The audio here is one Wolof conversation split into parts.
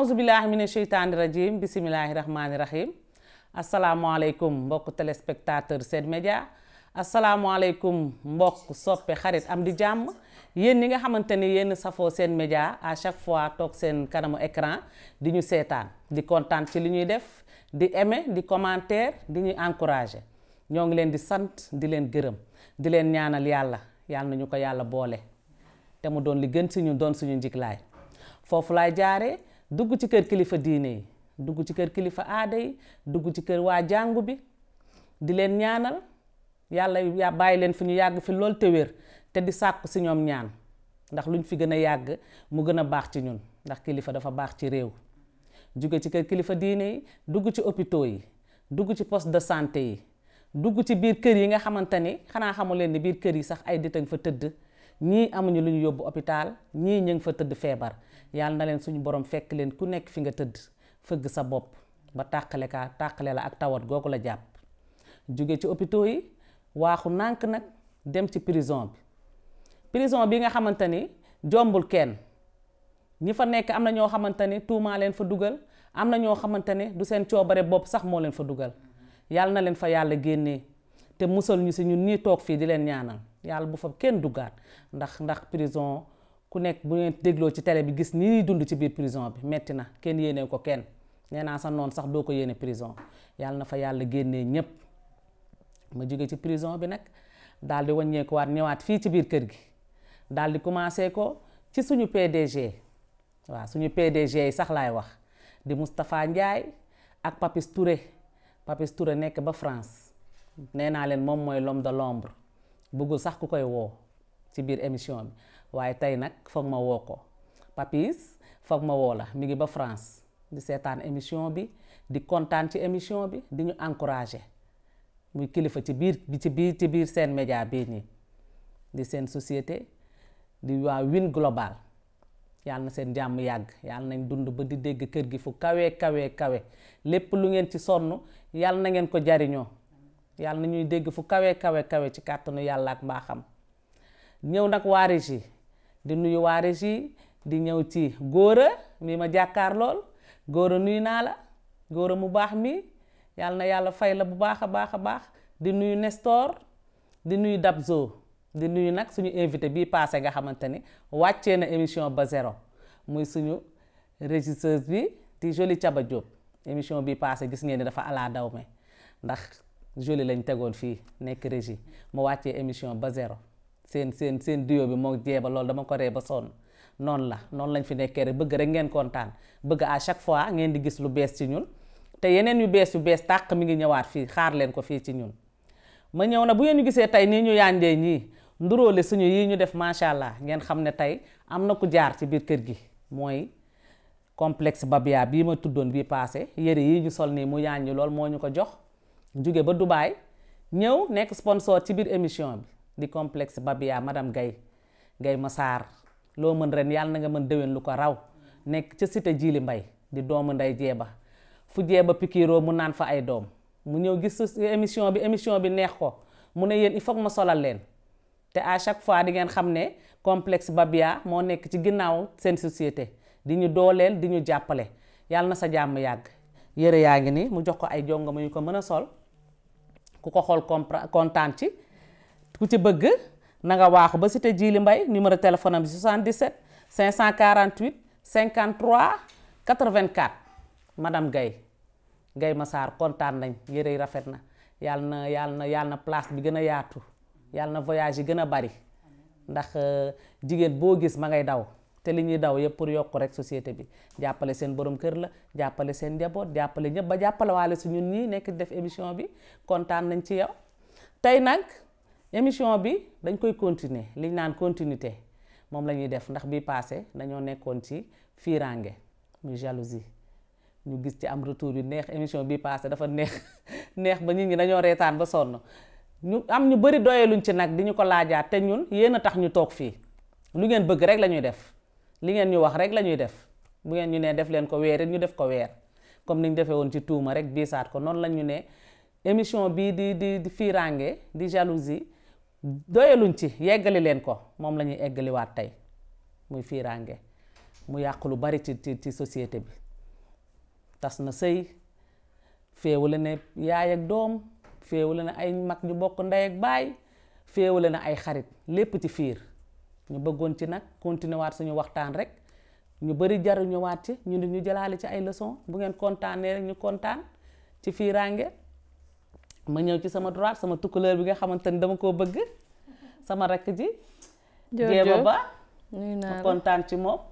aousubillahi mina sheytaani rajim bisimilahi rahmaani rahim asalaamaaleykum mbokk téléspectateur seen média asalaamaaleykum mbokk soppe xarit am di jàmm yéen ñi nga xamante ni yéen safoo seen média à chaque fois toog seen kanamu écran di ñu seetaan di kontaan ci li ñuy def di aimer di commentaire di ñuy encourager ñoo ngi leen di sant di leen gërëm di leen ñaanal yàlla yàlla nañu ko yàlla boole te mu doon li gën si ñun doon suñu njiglaay foofu dugg ci kër kilifa diine yi dugg ci kër kilifa aada yi dugg ci kër waa jàngu bi di leen ñaanal yàlla ya bàyyi leen fi ñu yàgg fi lool te te di sàkku si ñoom ñaan ndax luñ fi gën a yàgg mu gën a baax ci ñun ndax kilifa dafa baax ci réew jóge ci kër kilifa diine yi dugg ci hôpitaux yi dugg ci post de santé yi dugg ci biir kër yi nga xamante ni xanaa xamu leen ni biir kër yi sax ay ditañ fa tëdd ñii amuñu lu ñu yóbbu hôpital ñii ñu ngi fa tëdd feebar yàlla na leen suñu borom fekk leen ku nekk fi nga tëdd fëgg sa bopp ba tàqale kaa tàqale la ak tawat googu la jàpp jóge ci hôpitaux yi waaxu nànk nag dem ci prison bi prison bi nga xamante ni jombul kenn ñi fa nekk am na ñoo xamante ni tuumaa leen fa dugal am na ñoo xamante ni du seen coobare bopp sax moo leen fa dugal yàlla na leen fa yàlla génnee te musal ñu si ñun ñii toog fii di leen ñaanal yàlla bu fa kenn duggaat ndax ndax prison ku nekk bu ngeen dégloo ci télé bi gis ni dund ci biir prison bi metti na kenn yéene ko kenn nee naa sa noon sax doo ko yéene prison yàlla na fa yàlla génnee ñépp ma jóge ci prison bi nag daal di waat ñëwaat fii ci biir kër gi daal di commencé ko ci suñu g waaw suñu PDG yi sax laay wax di Moustapha Ndiaye ak Papis Touré nekk ba France nee naa leen moom mooy l'homme de l'ombre bëggul sax ku koy woo ci biir émission bi waaye tey nag foog ma woo ko Papis foog ma woo la mi ngi ba France di seetaan émission bi di kontaan ci émission bi di ñu encourager muy kilifa ci biir bi ci biir ci biir seen média bii nii di seen société di waa Win Global yàlla na seen jàmm yàgg yàlla nañ dund ba di dégg kër gi fu kawee kawee kawe lépp lu ngeen ci sonn yàlla na ngeen ko jariñoo yàlla na ñuy dégg fu kawee kawe kawe ci kàttanu yàlla ak mbaaxam ñëw nag waaris yi di nuyu waa régie di ñëw ci góora mi ma jàkkaar lool góora nuyu naa la góora mu baax mi yàlla na yàlla fay la bu baax a baax a baax di nuyu Nestor di nuyu Dabzo di nuyu nag suñu invité bii passé nga xamante ni wàccee na émission ba zéro muy suñu régisseuse bi di Jolie Thiaba émission bii passé gis ngeen ni dafa alaa daw me ndax Jolie lañ tegoon fii nekk régi mu wàccee émission ba zéro seen seen seen duo bi moo jeeba loolu dama ko ree ba sonn noonu la noonu lañ fi nekkee rek bëgg rek ngeen kontaan bëgg à chaque fois ngeen di gis lu bees ci ñun te yeneen yu bees yu bees tàq mi ngi ñëwaat fii xaar leen ko fii ci ñun ma ñëw na bu ngeen gisee tey nii ñu yànjee ñii nduróole suñu yii ñu def macha allah ngeen xam ne tey am na ku jaar ci biir kër gi mooy complexe Babia bii ma tuddoon bii passé yëre yii ñu sol nii mu yànji lool moo ñu ko jox jóge ba Dubaay ñëw nekk sponsor ci biir émission bi di complexe Babia madame Gaye Gaye masaar loo mën ren yàlla na nga mën déwén lu ko raw nekk ca cité Jili Mbay di doomu nday jeeba fu jeeba pikiiroo mu naan fa ay doom mu ñëw gis émission bi émission bi neex ko mu ne yéen il foog ma solal leen te à chaque fois di ngeen xam ne complexe Babia moo nekk ci ginnaaw seen société di ñu dooleel di ñu jàppale yàlla na sa jàmm yàgg yére yaa ngi ni mu jox ko ay jongo ma ñu ko mën a sol ku ko xool compra kontaan ci ku ci bëgg na nga waaxu ba si cité Djily mbay numéro téléphone am 77 548 53 84 madame gay Gaye Massar kontaan nañ yére yi rafet na yàlla na yàlla na yàlla na place bi gën a yaatu yàlla na voyage yi gën a bari ndax euh, jigéen boo gis ma ngay daw te li ñuy daw yëpp pour yokk rek société bi jàppale seen borom kër la jàppale seen njaboot jàppale ñëpp ba jàppale waale su ñun ñii nekk def émission bi kontaan nañ ci yow émission bi dañ koy continuer liñ naan continuité moom la ñuy def ndax bi passé dañoo nekkoon ci fiirange muy jalousie ñu gis ci am retour yu neex émission bi passé dafa neex neex ba nit ñi dañoo reetaan ba sonn ñu am ñu bëri doyeluñ ci nag di ñu ko laajaat te ñun yéen a tax ñu toog fii lu ngeen bëgg rek la ñuy def li ngeen ñu wax rek la ñuy def bu ngeen ñu nee def leen ko weer ñu def ko weer comme ni ñu defee woon ci tuuma rek biisaat ko noonu lañu ne émission bii di di di fiirange di jalousie doyaluñ ci yeggali leen ko moom lañuy ñuy eggaliwaat tey muy fiiraange mu yàq lu bari ci ci ci société bi tas na sëy féewale ne yaay ak doom féewale na ay mag ñu bokk ndey ak baay féewale na ay xarit lépp ci fiir ñu bëggoon ci nag continuer waat suñu waxtaan rek ñu bari jaruñu waat ci ñu ni ñu jëlaale ci ay leçon bu ngeen kontaanee rek ñu kontaan ci fiiraange ma ñëw ci sama droite sama tukkuleer bi nga xamante ni dama koo bëgg sama rakk ji jéeba ba ma kontaan ci moom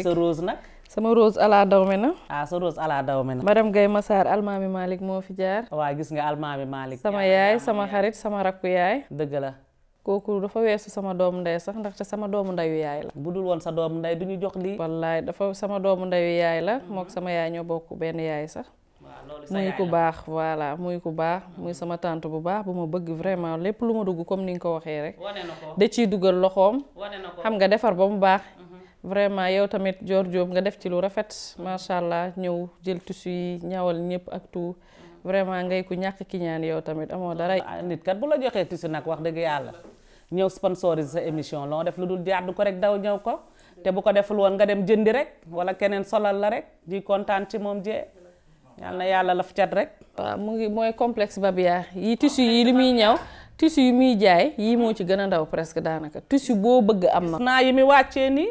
sa rose nag sama rose ala dawme na ah sa rose ala dawme na madame Gaye Massar almaami Malick moo fi jaar waaw gis nga almaami Malick sama yaay sama xarit sama rakku yaay dëgg la kooku dafa weesu sama doomu ndey sax ndax ndaxte sama doomu ndeyu yaay la bu dul woon sa doomu ndey du ñu jox lii wallaay dafa sama doomu ndeyu yaay la mm-hmm. mook sama yaay ñoo bokk benn yaay sax muy ku baax voilà muy ku baax mm-hmm. muy sama tante bu baax bu ma bëgg vraiment lépp lu ma dugg comme ni nga ko waxee rek da ciy dugal loxoom xam nga defar ba mu baax mm-hmm. vraiment yow tamit joor Diop nga def ci lu rafet mm-hmm. macha allah ñëw jël tissu yi ñawal ñëpp ak tout vraiment ngay ku ñàkk kiñaan yow tamit amoo dara ah, nit kat bu la joxee tissu nag wax dëgg yàlla ñëw sponsoriser sa émission loo def lu dul jàdd ko rek daw ñëw ko te bu ko deful woon nga dem jëndi yal na yàlla laf cat rek. waaw mu ngi mooy complexe Babia yi tissu yi li muy ñaw tissu yi muy jaay yii moo ci gën a ndaw presque daanaka tissu boo bëgg am na. naa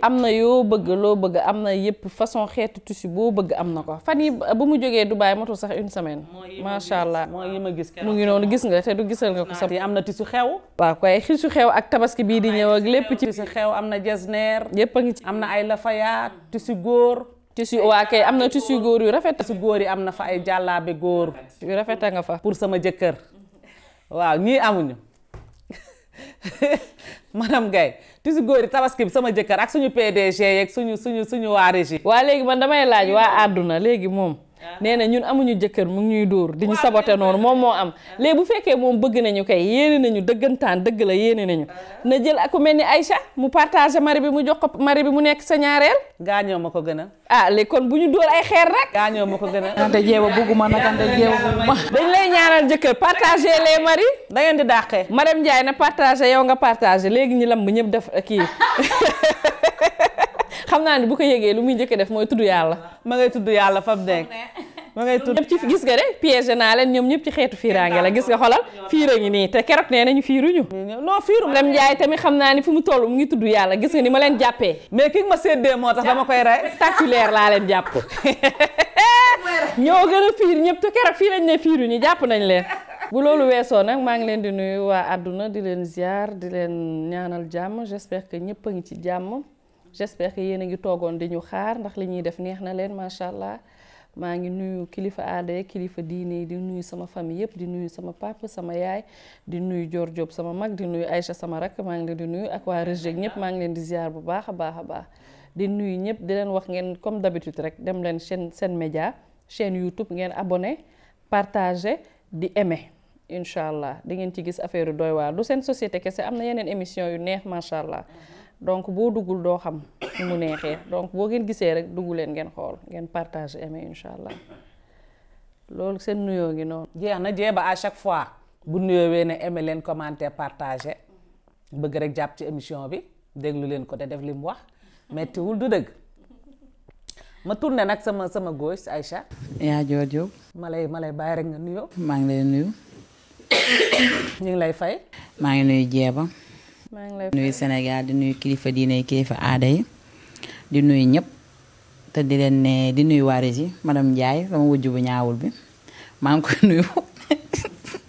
am na yoo bëgg loo bëgg am na yëpp façon xeetu tissu boo bëgg am na ko fan yi bu mu jógee Dubaï matul sax une semaine. macha allah ma gis mu ngi noonu gis nga te du gisal nga ko sax. am na tissu xew. waaw kay tissu xew ak tabaski bii di ñëw ak lépp ci. tissu xew am na jesner. yëpp a ngi ci am na ay lafaya tissu góor. tissu waa kay am na tissu góor yu rafet. su góor yi am na fa ay jàllaabe góor. yu rafet nga fa. pour sama jëkkër waaw ñii amuñu madame Gaye tissu góor yi tabaski bi sama jëkkër ak suñu PDG yeeg suñu suñu suñu waa waa léegi man damay laaj waa àdduna léegi moom. Ah. nee na ñun amuñu jëkkër mu ñuy dóor di ñu saboté noonu moom moo am léegi bu fekkee moom bëgg nañu kay yéene nañu dëggantaan dëgg la yéene nañu ah. na jël ak mel ni ay Aïcha mu partagé mari bi mu jox ko mari bi mu nekk sa ñaareel gaañoo ma ko gën a ah léegi kon bu ñu dóor ay xeer rek gaañoo ma ko gën a ante jeeba bugguma nag ante jeeba bugguma dañ lay ñaanal jëkkër partagé les mari da ngeen di dàqee madame Ndiaye na partagé yow nga partagé léegi ñi lamb ñëpp def kii xam naa ne bu ko yëgee lu muy jëkk def mooy tudd yàlla. ma ngay tudd yàlla fam nekk. ma ngay tudd ñëpp ci gis nga de piège naa leen ñoom ñëpp ci xeetu fiiraange la gis nga xolal fiira ngi te keroog nee nañu fiiruñu non fiirum dem Njaay naa ni fu mu toll mu ngi tudd yàlla gis nga ni ma leen jàppee mais ki nga ma séddee moo tax dama koy rey taculaire laa leen jàpp ñoo gën a fiir ñëpp te keroog fii lañ ne fiiruñu jàpp nañ leen bu loolu weesoo nag maa ngi leen di nuy waa àdduna di leen ziar di leen ñaanal jàmm j'espère que ñëpp a ngi ci jàmm j'espère que yéen a ngi toogoon di ñu xaar ndax li ñuy def neex na leen macha allah maa ngi nuyu kilifa aada kilifa diine di nuyu sama famille yëpp di nuyu sama papa sama yaay di nuyu Dior Diop sama mag di nuyu Aïcha sama rakk maa ngi leen di nuyu ak waa Régis ñëpp maa ngi leen di ziar bu baax a baax a baax di nuyu ñëpp di leen wax ngeen comme d'habitude rek dem leen chaîne seen média chaîne YouTube ngeen abonné partage di aimé incha allah di ngeen ci gis affaire doy waar du seen société kese am na yeneen émission yu neex macha allah. donc boo duggul doo xam ni mu neexee donc boo ngeen gisee rek dugg leen ngeen xool ngeen partage aimé incha allah loolu seen nuyoo ngi noonu. jeex na jeeba à chaque fois bu nuyoowee ne aimé leen commenter partager bëgg rek jàpp ci émission bi déglu leen ko te def li mu wax mettiwul du dëgg ma tourné nag sama sama gauche Aïcha. yaa jooju. ma lay ma lay bàyyi rek nga nuyoo. maa ngi lay nuyu. ñu ngi lay fay. maa ngi nuyu jeeba. maa ngi lay nuyu Sénégal di nuyu kilifa diine kilifa aada yi di nuyu ñëpp te di leen ne di nuyu waa Régis madame Ndiaye sama wujj bu ñaawul bi maa ngi koy nuyu.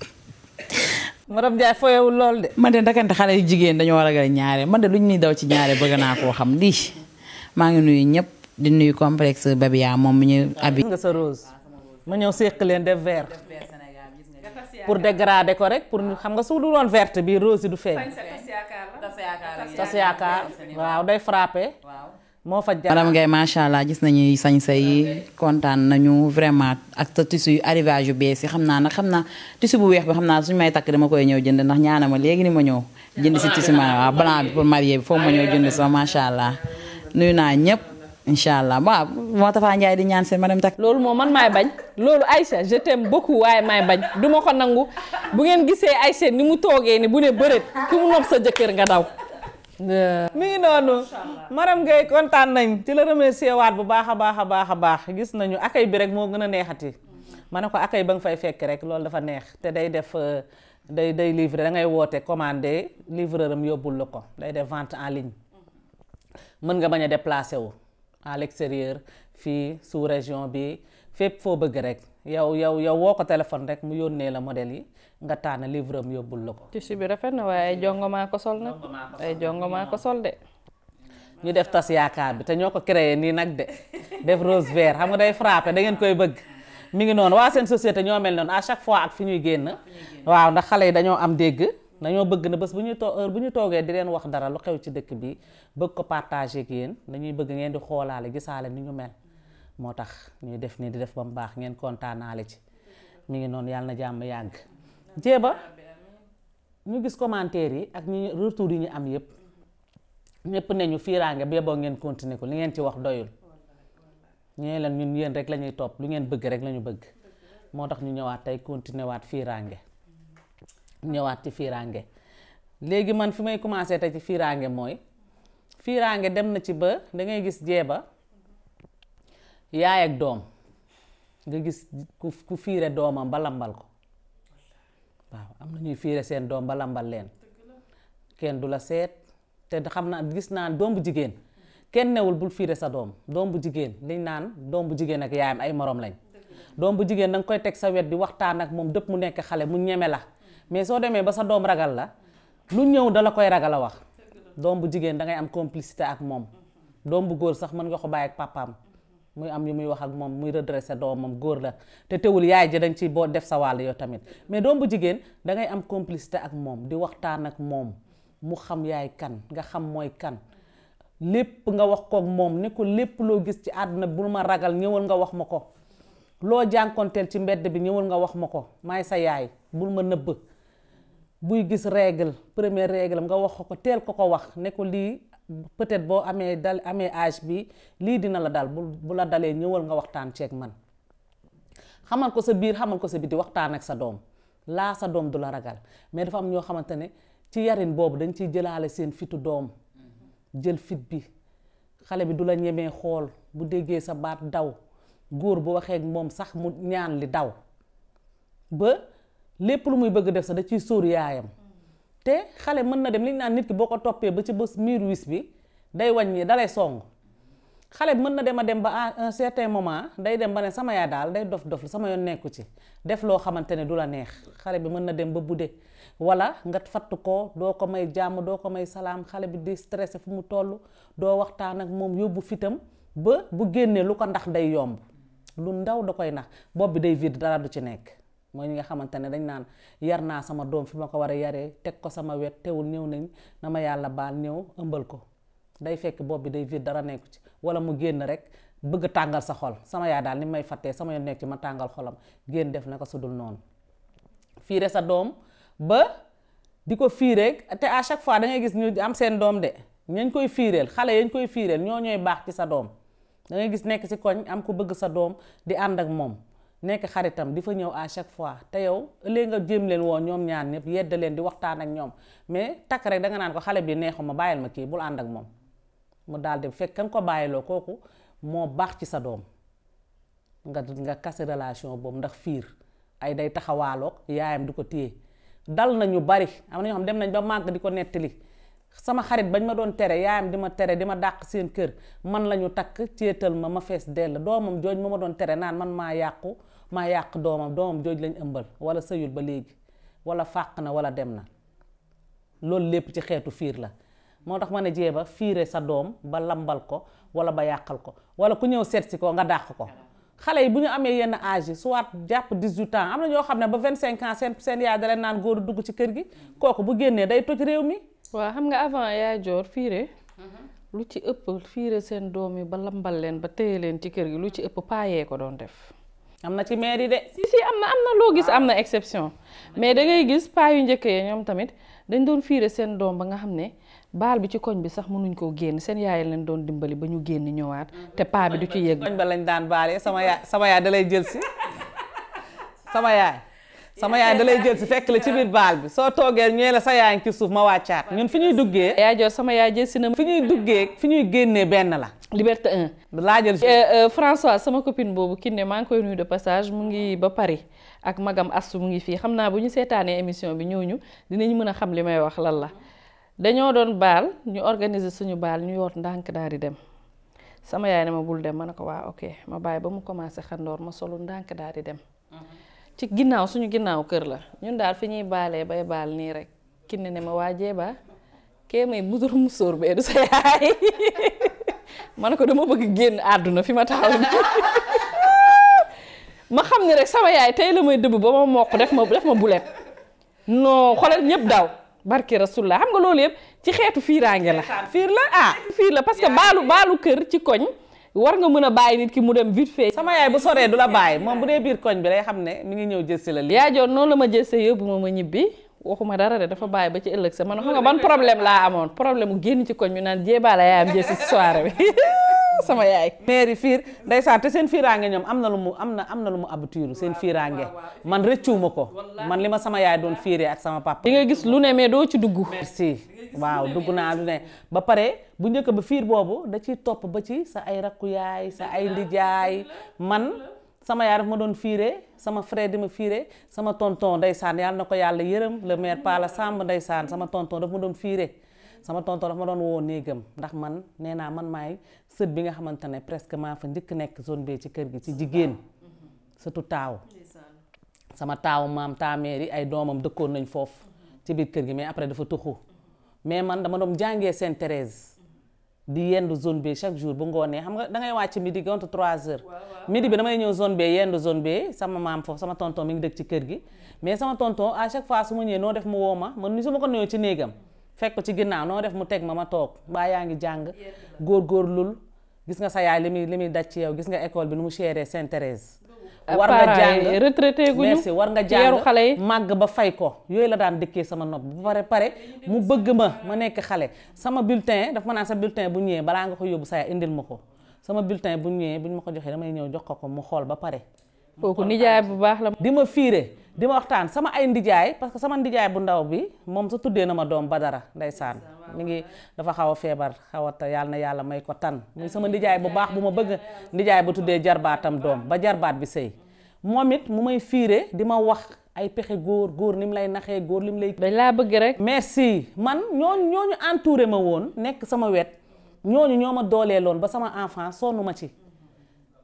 madame Ndiaye foyewul lool de. man de ndakante xale yu jigéen dañoo war a ragal ñaare man de luñ ñuy daw ci ñaare bëgg naa koo xam lii maa ngi nuyu ñëpp di nuyu complexe Babia moom mi ñu. Ah, abi nga ñëw séq leen def verre. pour dégrader ko rek pour ah. xam nga su dul woon verte bi rose du feeñ. tas yaakaar waaw day frappé. moo fa jaar madame Guèye macha allah gis nañu sañse yi kontaan nañu vraiment ak sa tissu yu arrivage yu bees yi xam naa nag xam naa tissu bu weex bi xam naa suñu may takk dama koy ñëw jënd ndax ñaana ma léegi ni ma ñëw. jënd si tissu ma waaw bi pour marié bi foofu ma ñëw jënd sama macha allah naa ñëpp. incha allah waaw moo Tafa Ndiaye di ñaan seen ma dem takk. loolu moom man maay bañ loolu Aïcha je t'aime beaucoup waaye maay bañ du ma ko nangu bu ngeen gisee ay Aïcha ni mu toogee ni bu ne bërët ki mu nopp sa jëkkër nga daw. mi ngi noonu maram ngay kontaan nañ ci la remercier waat bu baax a baax a baax a baax gis nañu akay bi rek moo gën a neexati ma ne ko akay ba nga fay fekk rek loolu dafa neex te day def euh, day day livrer da ngay woote commandé livreur am yóbbul la ko day def a déplacé à l'extérieur fii sous région bi fépp foo bëgg rek yow yow yow woo ko téléphone rek mu yónnee la modèle yi nga tànn livre am yóbbul la ko. tissu bi rafet na waaye ay jongomaa ko sol nag ay jongomaa ko sol de. ñu def tas yaakaar bi te ñoo ko créé nii nag de def rose vert xam nga day frappé dangeen koy bëgg. mu ngi noonu waa seen société ñoo mel noonu à chaque fois ak fu ñuy génn. waaw ndax xale yi dañoo am dégg. nañoo bëgg na bés bu ñu too heure bu ñu toogee di leen wax dara lu xew ci dëkk bi bëgg ko partage ak yéen nañuy bëgg ngeen di xoolaale gisaale ni ñu mel moo tax ñuy def nii di def ba mu baax ngeen kontaanaale ci mi ngi noonu yàlla na jàmm yàgg. jéeba ñu gis commentaire yi ak ñi retour yi ñu am yëpp ñëpp ne ñu fiiraange bi yeboo ngeen continuer ko li ngeen ci wax doyul ñu leen ñun yéen rek lañuy topp lu ngeen bëgg rek la ñu bëgg moo tax ñu ñëwaat tey continuer waat fiiraange ñëwaat ci fiiraange léegi man fi may commencé te ci fiiraange mooy fiiraange dem na ci ba dangay ngay gis jeeba yaay ak doom nga gis ku fiire doomam ba lambal ko waaw am na ñuy fiire seen doom ba lambal leen kenn du la seet te xam naa gis naa doom bu jigéen kenn newul bul fiire sa doom doom bu jigéen liñ naan doom bu jigéen ak yaayam ay moroom lañ doom bu jigéen da koy teg sa wet di waxtaan ak moom dëpp mu nekk xale mu ñeme la mais soo demee ba sa doom ragal la lu ñëw dala koy ragal a wax doom bu jigéen da ngay am complicité ak moom doom bu góor sax mën nga ko bàyyi ak papaam muy am yu muy wax ak moom muy redressé doomam góor la te teewul yaay ji dañ ci boo def sa wàll yow tamit mais doom bu jigéen da ngay am complicité ak moom di waxtaan ak moom mu xam yaay kan nga xam mooy kan lépp nga wax kook moom ne lépp loo gis ci àdduna bul ma ragal ñëwal nga wax ma ko loo jànkonteel ci mbedd bi ñëwal nga wax ma ko maay sa yaay bul ma nëbb buy gis règle première règle nga wax ko ko teel ko ko wax ne ko lii peut-être boo amee dal amee age bi lii dina la dal bu bu la dalee ñëwal nga waxtaan ceeg man xamal ko sa biir xamal ko sa biti waxtaan ak sa doom laa sa doom du la ragal mais dafa am ñoo xamante ne ci yarin boobu dañ ciy jëlaale seen fitu doom jël fit bi xale bi du la ñemee xool bu déggee sa baat daw góor bu waxee moom sax mu ñaan li daw ba lépp lu muy bëgg def sa da ciy sóor yaayam te xale mën na dem li naa nit ki boo ko toppee ba ci bés miir wis bi day wañ wàññi dalay song xale bi mën na dem a dem ba à un certain moment day dem ba ne sama yaa daal day dof dof sama yoon nekku ci def loo xamante ne du la neex xale bi mën na dem ba budde wala nga fatt ko doo ko may jàmm doo ko may salaam xale bi di stressé fu mu toll doo waxtaan ak moom yóbbu fitam ba bu génnee lu ko ndax day yomb lu ndaw da koy nax bopp bi day vide dara du ci nekk mooy ñi nga xamante ne dañ naan yar naa sama doom fi ma ko war a yare teg ko sama wet teewul ñëw nañ na ma yàlla baal ñëw ëmbal ko day fekk bopp bi day vide dara nekku ci wala mu génn rek bëgg tàngal sa xol sama yaay daal ni may fàttee sama nekk ci ma tàngal xolam génn def na ko su dul noonu fiire sa doom ba di ko fiiree te à chaque fois da gis ñu am seen doom de ñañ koy fiireel xale yañ koy fiireel ñoo ñooy baax ci sa doom da gis nekk ci koñ am ku bëgg sa doom di ànd ak moom nekk xaritam di fa ñëw à chaque fois te yow ëllëg nga jéem leen woo ñoom ñaan ñëpp yedd leen di waxtaan ak ñoom mais takk rek danga naan ko xale bi neexuma bàyyil ma kii bul ànd ak moom mu daal di fekk kan ko bàyyiloo kooku moo baax ci sa doom nga nga kase relation boobu ndax fiir ay day taxawaaloog yaayam di ko téye dal na ñu bari am na ñoo dem nañ ba màgg di ko nettali sama xarit bañ ma doon tere yaayam di ma tere di ma dàq seen kër man la ñu takk céetal ma ma fees dell doomam jooj ma ma doon tere naan man maa yàqu maa yàq doomam doomam jooj lañ ëmbal wala sëyul ba léegi wala fàq na wala dem na loolu lépp ci xeetu fiir la moo tax ma ne jeeba fiire sa doom ba lambal ko wala ba yàqal ko wala ku ñëw seet si ko nga dàq ko xale yi bu ñu amee yenn âge yi soit jàpp 18 ans am na ñoo xam ne ba vingt ans seen seen yaay daleen naan góor dugg ci kër gi kooku bu génnee day toj réew mi. waaw xam nga avant yaay joor fiire mhm. lu ci ëpp fiire seen doom yi ba lambal leen ba téye leen ci kër gi lu ci ëpp paayee ko doon def. am na ci maire yi de. si si am na am na loo gis am na exception mais da ngay gis paa yu njëkk ya ñoom tamit dañ doon fiire seen doom ba nga xam ne baal bi ci koñ bi sax mënuñ koo génn seen yaay leen doon dimbali ba ñu génn ñëwaat te paa bi du ci yëg. koñ ba lañ daan baalee sama yaay sama yaay da lay jël si sama yaay. sama yaay da lay jël si fekk la ci biir baal bi soo toogee ñee la sa yaay ngi ci suuf ma wàccaat ñun fi ñuy duggee. yaay joor sama yaay jël si na. fi ñuy duggee fi ñuy génnee benn la. Liberté 1. laajal euh, euh, sama copine boobu Kiné maa ngi koy nuyu de passage mu ngi ba Paris ak magam astu mu ngi fii xam naa bu ñu seetaanee émission bi ñëw ñu dinañ mën a xam li may wax lan la dañoo doon baal ñu organiser suñu baal ñu yoot ndànk daal di dem sama yaay ne ma bul dem ma ne ko waa ok ma bàyyi ba mu commencé xandoor ma solu ndànk daal di dem. ci ginnaaw suñu ginnaaw kër la ñun daal fi ñuy baalee bay baal nii rek Kiné ne ma waa jeebaa kee may mudur musóor bee man ko dama bëgg génn àdduna fi ma taxaw ma xam ne rek sama yaay tey la may dëbb ba ma mokk def ma def ma bulet noo xoolal ñëpp daw barki rasulullah xam nga loolu yëpp ci xeetu fiiraange la fiir la ah fiir la parce que baalu baalu kër ci koñ war nga mën a bàyyi nit ki mu dem vite fait sama yaay bu soree du la bàyyi moom bu dee biir koñ bi lay xam ne mu ngi ñëw jël si la lii yaa joon noonu la ma jël see yóbbu ma ma ñibbi waxuma dara de dafa bàyyi ba ci ëllëg sa man xam nga ban problème laa amoon problème mu génn ci koñ ñu naan jéebaala yaayam jee si soirée bi sama yaay. mairie fiir ndeysaan te seen fiiraange ñoom am na lu mu am na am na lu mu abutiru seen fiiraange man rëccuwuma ko man li ma sama yaay doon fiiree ak sama papa. di nga gis lu ne mais doo ci dugg. merci waaw dugg naa lu ne ba pare bu njëkk ba fiir boobu da ciy topp ba ci sa ay rakku yaay sa ay ndijaay man. sama yaay daf ma doon fiire sama frère di ma fiire sama tonton ndeysaan yàlla na ko yàlla yërëm le maire Pala Samb ndeysaan sama tonton daf ma doon fiire sama tonton daf ma doon woo néegam ndax man nee naa man maay sët bi nga xamante ne presque maa fa njëkk nekk zone B ci kër gi ci jigéen surtout taaw sama taaw maam taameer yi ay doomam dëkkoon nañ foofu ci biir kër gi mais après dafa tuxu mais man dama doon jàngee Sainte Thérèse di yendu zone B chaque jour bu ngoonee xam nga dangay wàcc midi gont 3 heures. midi bi damay ñëw zone B yendu zone B sama maam foofu sama tonton mi ngi dëkk ci kër gi. mais sama tonton à chaque fois su ma ñëwee noo def mu woo ma man ni su ma ko nuyoo ci néegam fekk ci ginnaaw noo def mu teg ma ma toog baa yaa ngi jàng lul gis nga sa yaay li muy li muy daj ci yow gis nga école bi nu mu chéré Sainte Thérèse war nga jàng retraité war nga jàng xale màgg ba fay ko yooyu la daan dëkkee sama nopp ba pare pare mu bëgg ma ma nekk xale sama bulletin daf ma naan sa bulletin bu ñëwee balaa nga ko yóbbu saa indil ma ko sama bulletin bu ñëwee bu ñu ma ko joxee damay ñëw jox ko ko mu xool ba pare kooku nijaay bu baax la di ma fiire di ma waxtaan sama ay ndijaay parce que sama ndijaay bu ndaw bi moom sa tuddee na ma doom ba dara ndeysaan mi ngi dafa xaw a feebar xaw a yàlla na yàlla may ko tan muy sama ndijaay bu baax bu ma bëgg ndijaay bu tuddee jarbaatam doom ba jarbaat bi sëy moom it mu may fiire di ma wax ay pexe góor góor ni mu lay naxee góor li mu lay. dañ laa bëgg rek. merci man ñooñu ñooñu entouré ma woon nekk sama wet ñooñu ñoo ma dooleeloon ba sama enfant sonnu ma ci.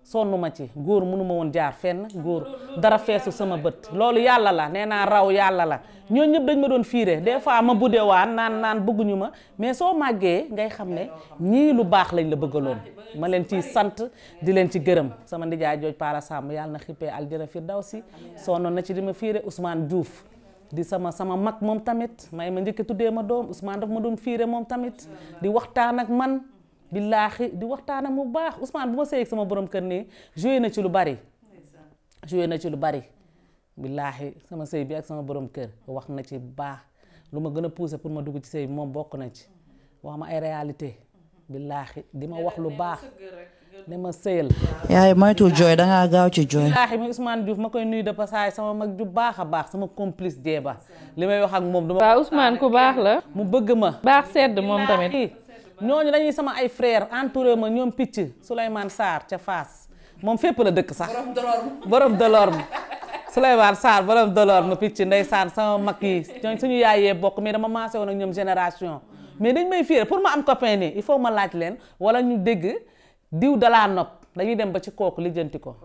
sonn ma ci góor mënuma woon jaar fenn góor dara feesu sama bët loolu yàlla la nee naa raw yàlla la mm. ñoo ñëpp dañ ma doon fiire des fois ma buddewaan naan naan bëgguñu ma mais soo màggee ngay xam ne ñii lu baax lañ la bëggaloon ma leen ciy sant di leen ci gërëm sama nijaay jooj Paara Samb yàlla na xippee aljana firdawsi sonnoon na ci di ma fiire Ousmane Diouf di sama sama mag moom tamit may ma njëkk tuddee ma doom usmaan daf ma doon fiire moom tamit di billaahi di waxtaana mu baax Ousmane bu ma sëyeeg sama borom kër nii joué na ci lu bari joué na ci lu bari billaahi sama sëy bi ak sama borom kër wax na ci baax lu ma gën a poussé pour ma dugg ci sëy moom bokk na ci wax ma ay réalité billaahi di ma wax lu baax ne ma sëyal yaay moytul jooy dangaa gaaw ci jooy billaahi mi Ousmane Diouf ma koy nuyu de passage sama mag ju baax a baax sama complice jeeba li may wax ak moom duma waaw Ousmane ku baax la mu bëgg ma baax sedd moom tamit ñooñu dañuy sama ay frère entouré ma ñoom picc Souleymane Sarr ca Fass moom fépp la dëkk sax borom Delorme Souleymane Sarr borom Delorme picc ndeysaan sama mag yi suñu yaayee bokk mais dama maase woon ak ñoom génération mais dañ may fiire pour ma am copain nii il faut ma laaj leen wala ñu dégg diw dalaa nopp dañuy dem ba ci kooku lijjanti ko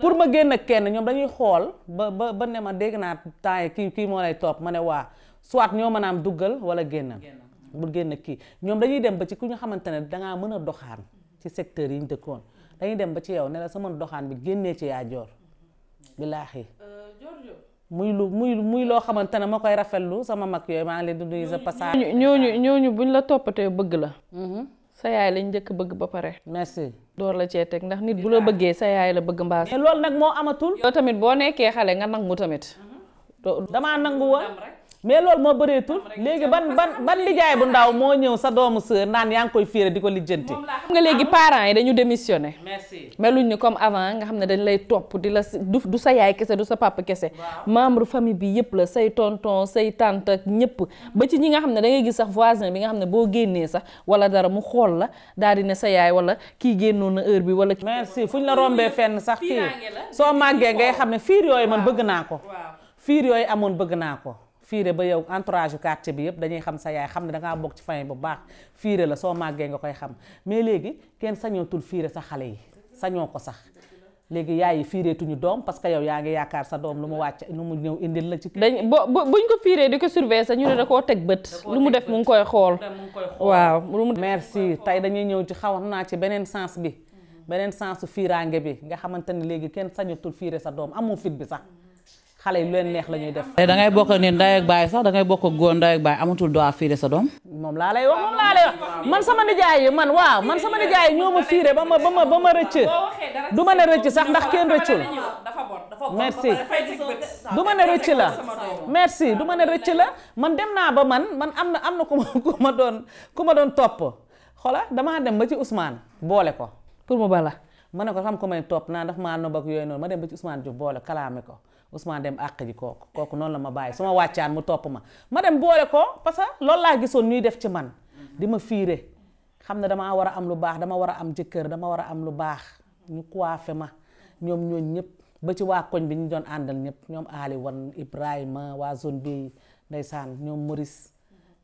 pour ma génn kenn ñoom dañuy xool ba ba ba ne ma dégg naa temps ki kii moo lay topp ma ne waa soit ñoo mën a duggal wala génnal bu génn kii ñoom dañuy dem ba ci ku ñu xamante ne dangaa mën a doxaan ci secteur yi ñu dëkkoon dañuy dem ba ci yow ne sama doxaan bi génnee ci yaa joor bilaahi euh, muy lu muy muy loo xamante ne ma koy rafetlu sama mag yooyu maa ngi leen di nuyu sa passage ñooñu ñooñu buñ la toppatee bëgg la mm-hmm. sa yaay lañ njëkk bëgg ba pare merci door la cee teg ndax nit bu la bëggee sa yaay la bëgg mbaas mais loolu nag moo amatul yow tamit boo nekkee xale nga nag nangu tamit mm-hmm. damaa nangu mais loolu moo bëreetul léegi ban ban ban lijaay bu ndaw moo ñëw sa doomu sœur naan yaa ngi koy fiire di ko lijjanti. xam nga léegi parent yi dañu démissionné. merci meluñ ni comme avant nga xam ne dañ lay topp di la du sa yaay kese du sa papa kese. membre famille bi yëpp la say tonton say tànt ak ñëpp. ba ci ñi nga xam ne da gis sax voisin bi nga xam ne boo génnee sax wala dara mu xool la daal di ne sa yaay wala kii génnoon na heure bi wala. fu ñu la rombee fenn sax kii soo màggee ngay xam ne fiir yooyu man bëgg naa ko. fiir yooyu amoon bëgg naa ko. fiire ba yow entourage quartier bi yëpp dañuy xam sa yaay xam ne da ngaa bokk ci famille bu baax fiire la soo màggee nga koy xam mais léegi kenn sañootul fiire sa xale yi sañoo ko sax léegi yaay yi fiireetuñu doom parce que yow yaa ngi yaakaar sa doom lu mu wàcc lu mu ñëw indil la ci dañ bo buñ ko fiiree di ko surveiller sa ñu ne koo teg bët lu mu def mu ngi koy xool waaw lu mu merci tey dañuy ñëw ci xaw naa ci beneen sens bi mhm. beneen sens fiiraange bi nga xamante ni léegi kenn sañatul fiire sa doom amoo fit bi sax xale yi lu leen neex la ñuy def. Eh, da ngay bokk ni ndey ak baay sax da ngay bokk góor ndey ak baay amatul doo fiire sa doom. moom laa lay wax moom laa man sama man waaw ñoo ma fiire ba ma ba ba ma rëcc du ma ne rëcc sax ndax kenn rëccul. merci du ma ne rëcc la merci du ma ne rëcc la man dem naa ba man man am na am na ku ma ku ma doon ku ma doon topp xoola damaa dem ba ci Ousmane boole ko. pour mu bala ma ne ko xam ko may topp naa daf ma nob ak yooyu noonu ma dem ba ci Ousmane Diouf boole kalaame ko. ma dem àq ji kooku noonu la ma bàyyi su ma wàccaan mu topp ma ma dem boole ko parce que loolu laa gisoon ñuy def ci man di ma fiire xam ne damaa war am lu baax dama war a am jëkkër dama war am lu baax ñu coiffé ma ñoom ñooñ ñëpp ba ci waa koñ bi ñu doon àndal ñëpp ñoom Ali wan ma waa zone bi ndeysaan ñoom Maurice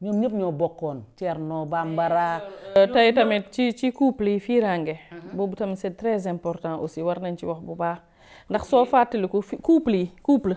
ñoom ñëpp ñoo bokkoon Thierno Bambara. Eh, euh, tey tamit ci ci couple yi fiirange uh-huh. boobu tamit c'est très important aussi war nañ ci wax bu baax ndax soo fàttaliku fi couple yi couple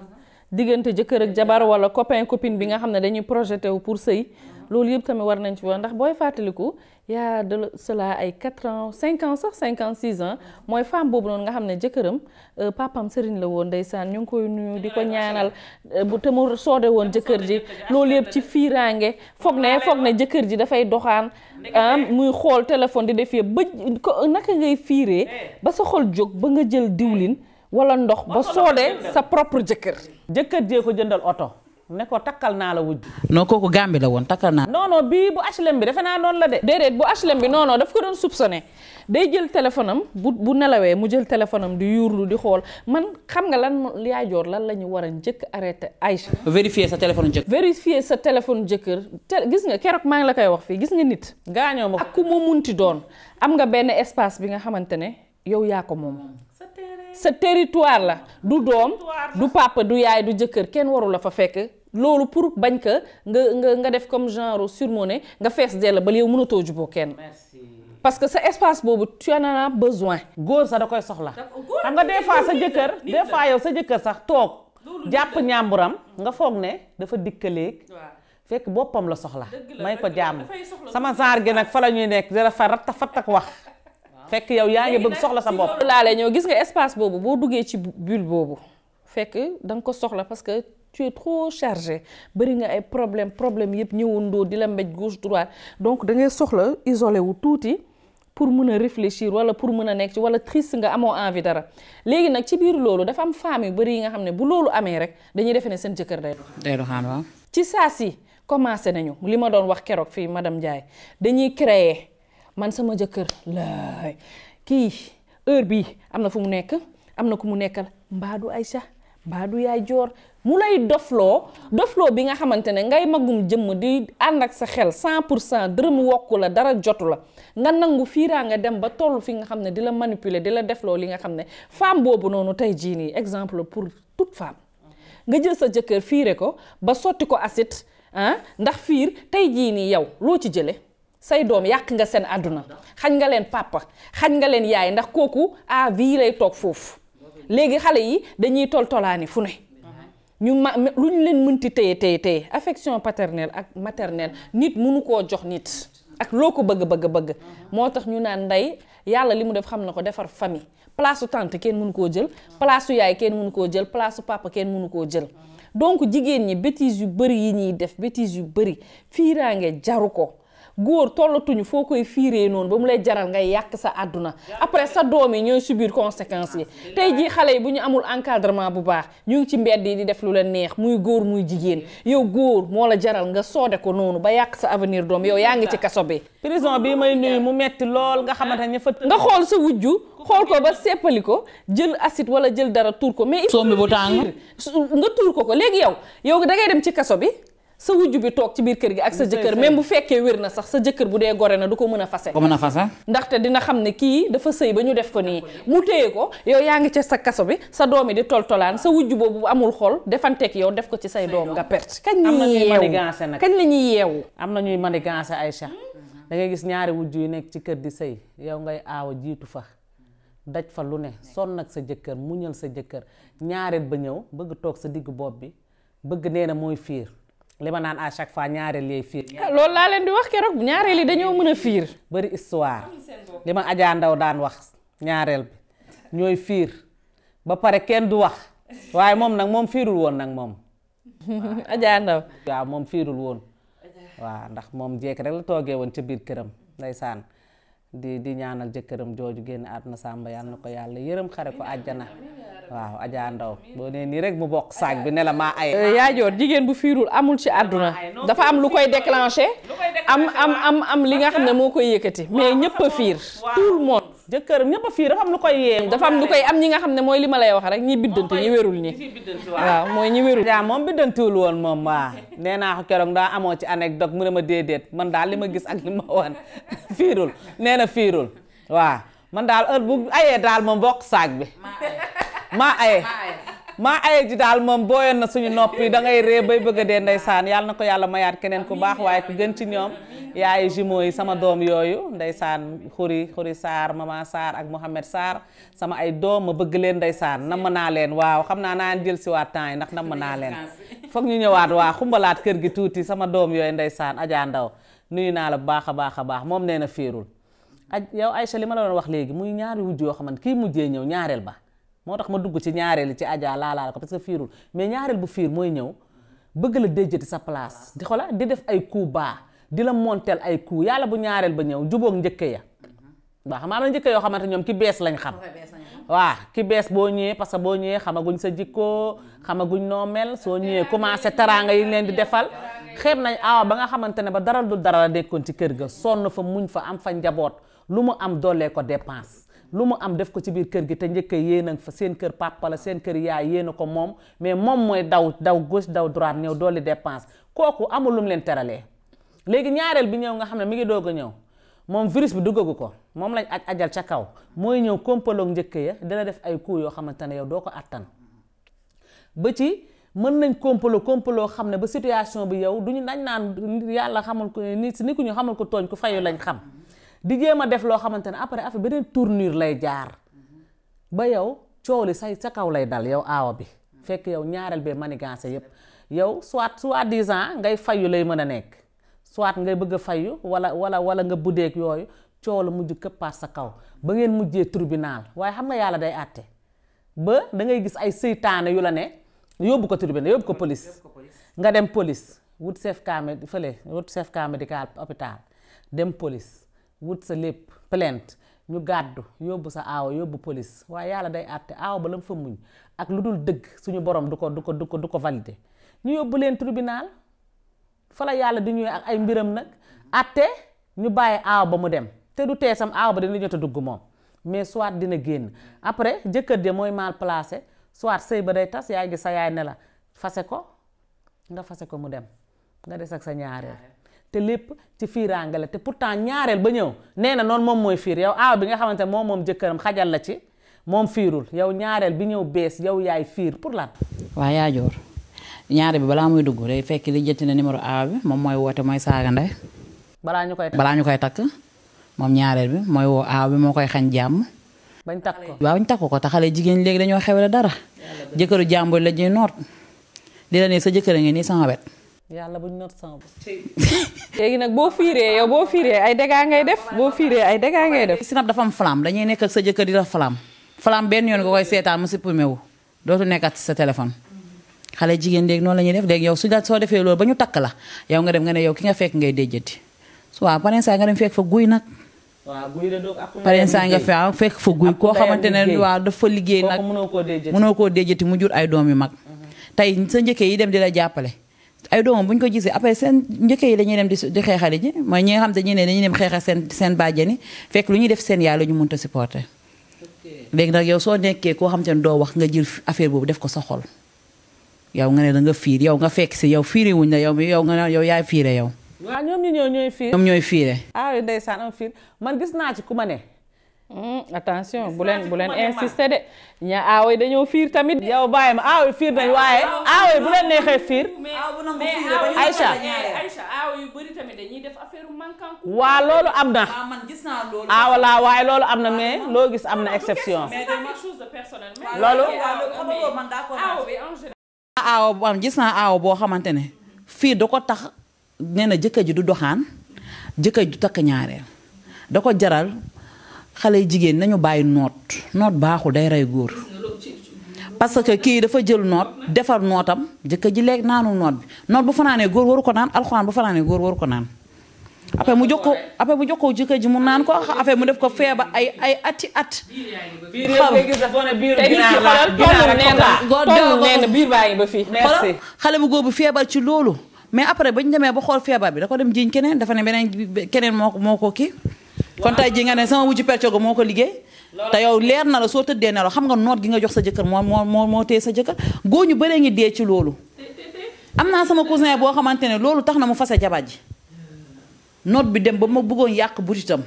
diggante jëkkër ak jabar wala copain copine bi nga xam ne dañuy projeté wu pour sëy loolu yëpp tamit war nañ ci wax ndax booy fàttaliku yaa de cela ay quatre ans cinq sax cinquante six ans mooy femme boobu noonu nga xam ne jëkkëram euh, papam sëriñ la woon ndeysaan ñu ngi koy nuyu di ko ñaanal euh, bu te mu soode woon jëkkër ji loolu yëpp ci fiiraange foog ne foog ne jëkkër ji dafay doxaan muy xool téléphone di def yëpp ba naka ngay fiiree ba sa xol jóg ba nga jël diwlin wala ndox ba soodee sa propre jëkkër. jëkkër jee ko jëndal oto ne ko takkal naa la wujj. non kooku Gàmbi la woon takkal naa. non non bii H&M bi defe naa noonu la de. déedéet bu HLM bi non daf ko doon soupçonné day jël téléphone am bu bu nelawee mu jël téléphone am di yuurlu di xool man xam nga lan yaay joor lan la ñu war a njëkk arrêté Aïcha. vérifier sa téléphone jëkkër. vérifier sa téléphone jëkkër te gis nga keroog maa ngi la koy wax fii gis nga nit. gaañoo ma ak ku mu munti doon am nga benn espace bi nga xamante ne yow yaa ko moom. sa territoire la du doom du papa du yaay du jëkkër kenn waru la fa fekk loolu pour bañ ka nga nga nga def comme genre surmonné nga fees dell ba yow mënatoo juboo kenn parce que sa espace boobu tu en as besoin góor sax da koy soxla xam nga des fois sa jëkkër des fois yow sa jëkkër sax toog jàpp ñàmburam nga foog ne dafa dikkaleeg fekk boppam la soxla may ko jàmm sama genre gi nag fa la ñuy nekk dara fa ratta fatak wax fekk yow yaa ngi bëgg soxla sa bopp. loolu ñoo gis nga espace boobu boo duggee ci bulle boobu fekk danga ko soxla parce que tu es trop chargé bari nga ay problème problème yëpp ñëwandoo di la mbéj gauche droite donc da ngay soxla isolé wu tuuti pour mën a réfléchir wala pour mën a nekk ci wala triste nga amoo envie dara léegi nag ci biir loolu dafa am femmes yu bëri yi nga xam ne bu loolu amee rek dañuy defe ne seen jëkkër day doxaan. day doxaan waaw. ci saa yi commencé nañu li ma doon wax keroog fii madame Ndiaye dañuy créer. man sama jëkkër laay kii heure bii am na fu mu nekk am na ku mu nekkal mbaa ay Aïcha mbaa yaay joor mu lay dofloo dofloo bi nga xamante ne ngay magum jëmm di ànd ak sa xel 100 pour cent dërëm wokku la dara jotu la nga nangu fiiraa nga dem ba toll fi nga xam ne di la manipuler di la defloo li nga xam ne femme boobu noonu tey jii nii exemple pour toute femme nga jël sa jëkkër fiire ko ba sotti ko acide ah ndax fiir tey jii nii yow loo ci jëlee. say doom yàq nga seen àdduna xañ nga leen papa xaj nga leen yaay ndax kooku à vie lay toog foofu léegi xale yi dañuy tol tolaani fu ne ñu ma lu ñu leen mënti téye téye téye affection paternelle ak maternelle nit munu koo jox nit ak loo ko bëgg bëgg bëgg moo tax ñu naan ndey yàlla li mu def xam na ko defar famille place su kenn mënu koo jël place yaay kenn mënu koo jël place su papa kenn mënu koo jël donc jigéen ñi bêtises yu bëri yi ñuy def bêtises yu bëri fiiraange jaru ko góor tollatuñu foo koy fiiree noonu ba mu lay jaral ngay yàq sa àdduna après sa doom yi ñooy subir conséquence yi tey jii xale yi bu ñu amul encadrement bu baax ñu ngi ci mbedd yi di def lu la neex muy góor muy jigéen yow góor moo la jaral nga soode ko noonu ba yàq sa avenir doom yow yaa ngi ci kaso bi prison bi may nuyu mu metti lool nga xamante ne fa ah, nga xool sa wujju xool ko ba séppali ko jël acide wala jël dara tuur ko mais soom bi bu tàng nga tuur ko ko léegi yow yow da ngay dem ci kaso bi sa wujj bi toog ci biir kër gi ak sa jëkkër même bu fekkee wér na sax sa jëkkër bu dee gore na du ko mën a fase ko mën a ndaxte dina xam ne kii dafa sëy ba ñu def ko nii mu téye ko yow yaa ngi ca sa kaso bi sa doomi di toltolaan sa wujj boobu amul xol defanteeg yow def ko ci say doom nga perte kañ la ñuy yeewu kañ la ñuy yeewu am na ñuy manigancé Aïcha da ngay gis ñaari wujj yu nekk ci kër di sëy yow ngay aawa jiitu fa daj fa lu ne sonn ak sa jëkkër muñal sa jëkkër ñaareel ba ñëw bëgg toog sa diggu bopp bi bëgg nee na mooy fiir li ma naan à chaque fois ñaareel yee fiir. Ah, loolu laa leen di wax keroog ñaareel yi dañoo mën a fiir. bari histoire li ma Adja Ndaw daan wax ñaareel bi ñooy fiir ba pare kenn du wax waaye moom nag moom fiirul woon nag moom. Adja Ndaw waaw moom fiirul woon. waaw ndax moom jékki rek la toogee woon ca biir këram saan di di ñaanal jëkkëram jooju génn àdduna sàmba yàlla na ko yàlla yërëm xare ko àjjana waaw Adja Ndaw boo nee nii rek mu bokk saag bi ne la maa ay. Eh, yaa joor jigéen bu fiirul amul si àdduna dafa am lu koy déclenché am am am li nga xam ne moo koy yëkkati mais ñëpp fiir tout le monde. jëkkër ñëpp fii dafa am lu koy yee dafa am am ñi nga xam ne mooy li ma lay wax ñi biddante ñi wérul ñi waaw mooy ñi wérul daa moom biddantiwul woon moom waa nee naa ko keroog daa amoo ci anecdote mu ne ma déedéet man daal li ma gis ak li ma wan fiirul nee na fiirul waa man daal heure bu daal ma bokk saak bi ma aye maa ay ji daal moom booyoon na suñu nopp yi da ngay ree bay bëgg a dee ndeysaan yàlla na ko yàlla mayaat keneen ku baax waaye ku gën ci ñoom yaay jumeaux yi sama doom yooyu ndeysaan xuri xuri Sarr mama Sarr ak Mouhamed Sarr sama ay doom ma bëgg leen ndeysaan namm naa leen waaw xam naa naa jël si waat temps yi ndax namm naa leen foog ñu ñëwaat waa xumbalaat kër gi tuuti sama doom yooyu ndeysaan Adja Ndaw nuyu naa la bu baax a baax a baax moom nee na féerul aj yow Aïcha li ma la doon wax léegi muy ñaari wujj yoo xamante kii mujjee ñëw ñaareel ba moo tax ma dugg ci ñaareel ci ajaa laalaal ko parce que fiirul mais ñaareel bu fiir mooy ñëw bëgg la déjjati sa place di xola di def ay coup baa di la monteel ay coup yàlla bu ñaareel ba ñëw jubook njëkke ya waaw xam na njëkke yoo xamante ñoom ki bees lañ xam waaw ki bees boo ñëwee parce que boo ñëwee xamaguñ sa jikkoo xamaguñ noo mel soo ñëwee commencé teraanga yi leen di defal xeeb nañ awa ah, ba nga xamante ne ba dara du dara la nekkoon ci kër ga sonn fa muñ fa am fa njaboot lu mu am doolee ko dépense lu mu am def ko ci biir kër gi te njëkk yéen nag fa seen kër papa seen kër yaay yéen a ko moom mais moom mooy daw daw gos daw droite ñëw dolli dépense kooku amul lu leen terale léegi ñaareel bi ñëw nga xam ne mi ngi doog a ñëw moom virus bi duggagu ko moom lañ aj ajal ca kaw mooy ñëw kompaloog njëkk ya dina def ay coups yoo xamante ne yow doo ko attan ba ci mën nañ kompaloo kompaloo xam ne ba situation bi yow ñu nañ naan yàlla xamul ko ni ku ñu xamul ko tooñ ku fayu lañ xam di jéem a def loo xamante ne après affaire beneen tournir lay jaar ba yow coow li say sa kaw lay dal yow aawa bi fekk yow ñaareel bee manigancé yépp yow soit soi-disant ngay fay yu lay mën a nekk soit ngay bëgg a fayu wala wala wala nga buddeeg yooyu coow la mujj këppaat sa kaw ba ngeen mujjee tribinal waaye xam nga yàlla day àtte ba da ngay gis ay seytaane yu la ne yóbbu ko tribunal yóbbu ko police nga dem police wut chef cas fële wut chef cas médical hôpital dem police wut sa lépp plainte ñu gàddu yóbbu sa aawa yóbbu police waaye yàlla day àtte aawa ba la mu fa muñ ak lu dul dëgg suñu borom du ko du ko du ko du ko validé ñu yóbbu leen tribunal fa la yàlla di ñëwee ak ay mbiram nag àtte ñu bàyyi aw ba mu dem te du tee sam aawa ba dina jot a dugg moom mais soit dina génn après jëkkër ja mooy mal placé soit sëy ba day tas yaay gi sa yaay ne la fase ko nga fase ko mu dem nga des ak sa ñaareel te lépp ci fiiraange la te pourtant ñaareel ba ñëw nee na noonu moom mooy fiir yow aaw bi nga xamante ne moom moom jëkkëram xajal la ci moom fiirul yow ñaareel bi ñëw bees yaw yaay fiir pour lan. waaw yaa joor bi balaa muy dugg day fekk li jëtti ne numéro aaw bi moom mooy woote mooy saaga ndey. balaa ñu koy takk ñu koy takk moom ñaareel bi mooy woo aaw bi moo koy xañ jàmm. bañ takk ko waaw bañ takk ko te xale jigéen léegi dañoo xewle dara. jëkkëru jàmbur la ñuy noot. di la ne sa jëkkër a ngi nii sama wet yàlla bu ñu not sama léegi nag boo fiiree yow boo fiiree ay dégâts ngay def boo fiiree ay dégâts ngay def. sinap dafa am flamme dañuy nekk ak sa jëkkër di la flamme flamme benn yoon nga koy seetaan mu supprimé wu dootu nekkat sa téléphone. xale jigéen léegi noonu la ñuy def léegi yow su la soo defee loolu ba ñu takk la yow nga dem nga ne yow ki nga fekk ngay déjjati waaw pare saa nga dem fekk fa guy nag. waaw guy de doog nga ah, fekk fa guy koo xamante ne waaw dafa liggéey nag mënoo koo déjjati mu jur ay doom yu mag mhm. tey sa njëkkee yi di la jàppale ay doomam bu ñu ko gisee après seen njëkk yi dañuy dem di xeexali ji mooy ñi nga xam dañuy ne dañuy dem xeexal seen seen bàjjani fekk lu ñuy def seen yaay la ñu mënta supporter. léegi nag yow soo nekkee koo xam te ne doo wax nga jël affaire boobu def ko sa xol. yow nga ne da nga fiir yow nga fekk si yow fiire wuñ la yow yow nga yow yaay fiire yow. waaw ñooy fiir. ñoom ñooy fiire. ah ndeysaan man gis naa ci ku ma ne. Hmm, attention bu leen bu leen insister de ña aawo yi dañoo fiir tamit. yow bàyyi ma aawo yi fiir nañ waaye aawo yi bu neexee fiir. Aïcha yu bëri tamit dañuy def affaire mankanku. waa loolu am na. Ah, aawo laa waaye loolu am na mais loo gis am na exception. loolu. aawo bu gis naa aawo boo xamante ne fiir da ko tax nee na ji du doxaan jëkkër ji du takk ñaareel da ko jaral. xale yu jigéen nañu bàyyi noot noot baaxul day rey góor parce que kii dafa jël noot defar nootam jëkkër ji lekk naanul noot bi noot bu fanaanee góor waru ko naan alxuraan bu fanaanee góor waru ko naan après mu jox ko après mu jox ko jëkkër ji mu naan ko après mu def ko feebar ay ay ati at. xaru biir biir xale bu góor bu feebar ci loolu mais après ba ñu demee ba xool feebar bi dafa dem jiiñ keneen dafa ne beneen keneen moo ko ki kon tey ji nga ne sama wujju percogo moo ko liggéey te yow leer na la soo tëddee nelaw xam nga noot gi nga jox sa jëkkër moo moo moo moo sa jëkkër góor ñu bëree ngi dee ci loolu am naa sama cousin boo xamante ne loolu tax na mu fase jabar ji noot bi dem ba ma bëggoon yàq butitam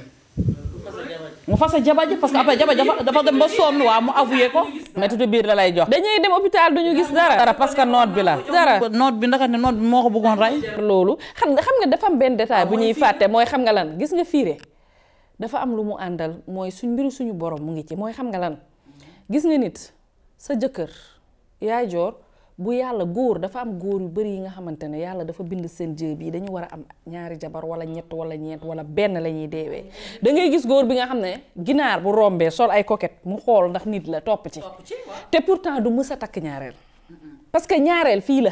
mu fase jabar ji parce que après jabar dafa dafa dem ba sonn waa mu avoué ko. métitu biir la lay jox. dañuy dem hôpital duñu gis dara. parce que noot bi la. dara noot bi ndax noot bi moo ko bëggoon rey. loolu xam nga xam nga dafa benn détail bu ñuy fàtte mooy xam lan gis nga fiire. dafa am lu mu àndal mooy suñ mbiru suñu borom mu ngi ci mooy xam nga lan gis nga nit sa jëkkër yaay joor bu yàlla góor dafa am góor yu bari yi nga xamante ne yàlla dafa bind seen jéeb yi dañu war a am ñaari jabar wala ñett wala ñeent wala benn la ñuy deewee da ngay gis góor bi nga xam ne ginaar bu rombee sol ay coquette mu xool ndax nit la topp ci te pour temps du mës a takk ñaareel parce que ñaareel fii la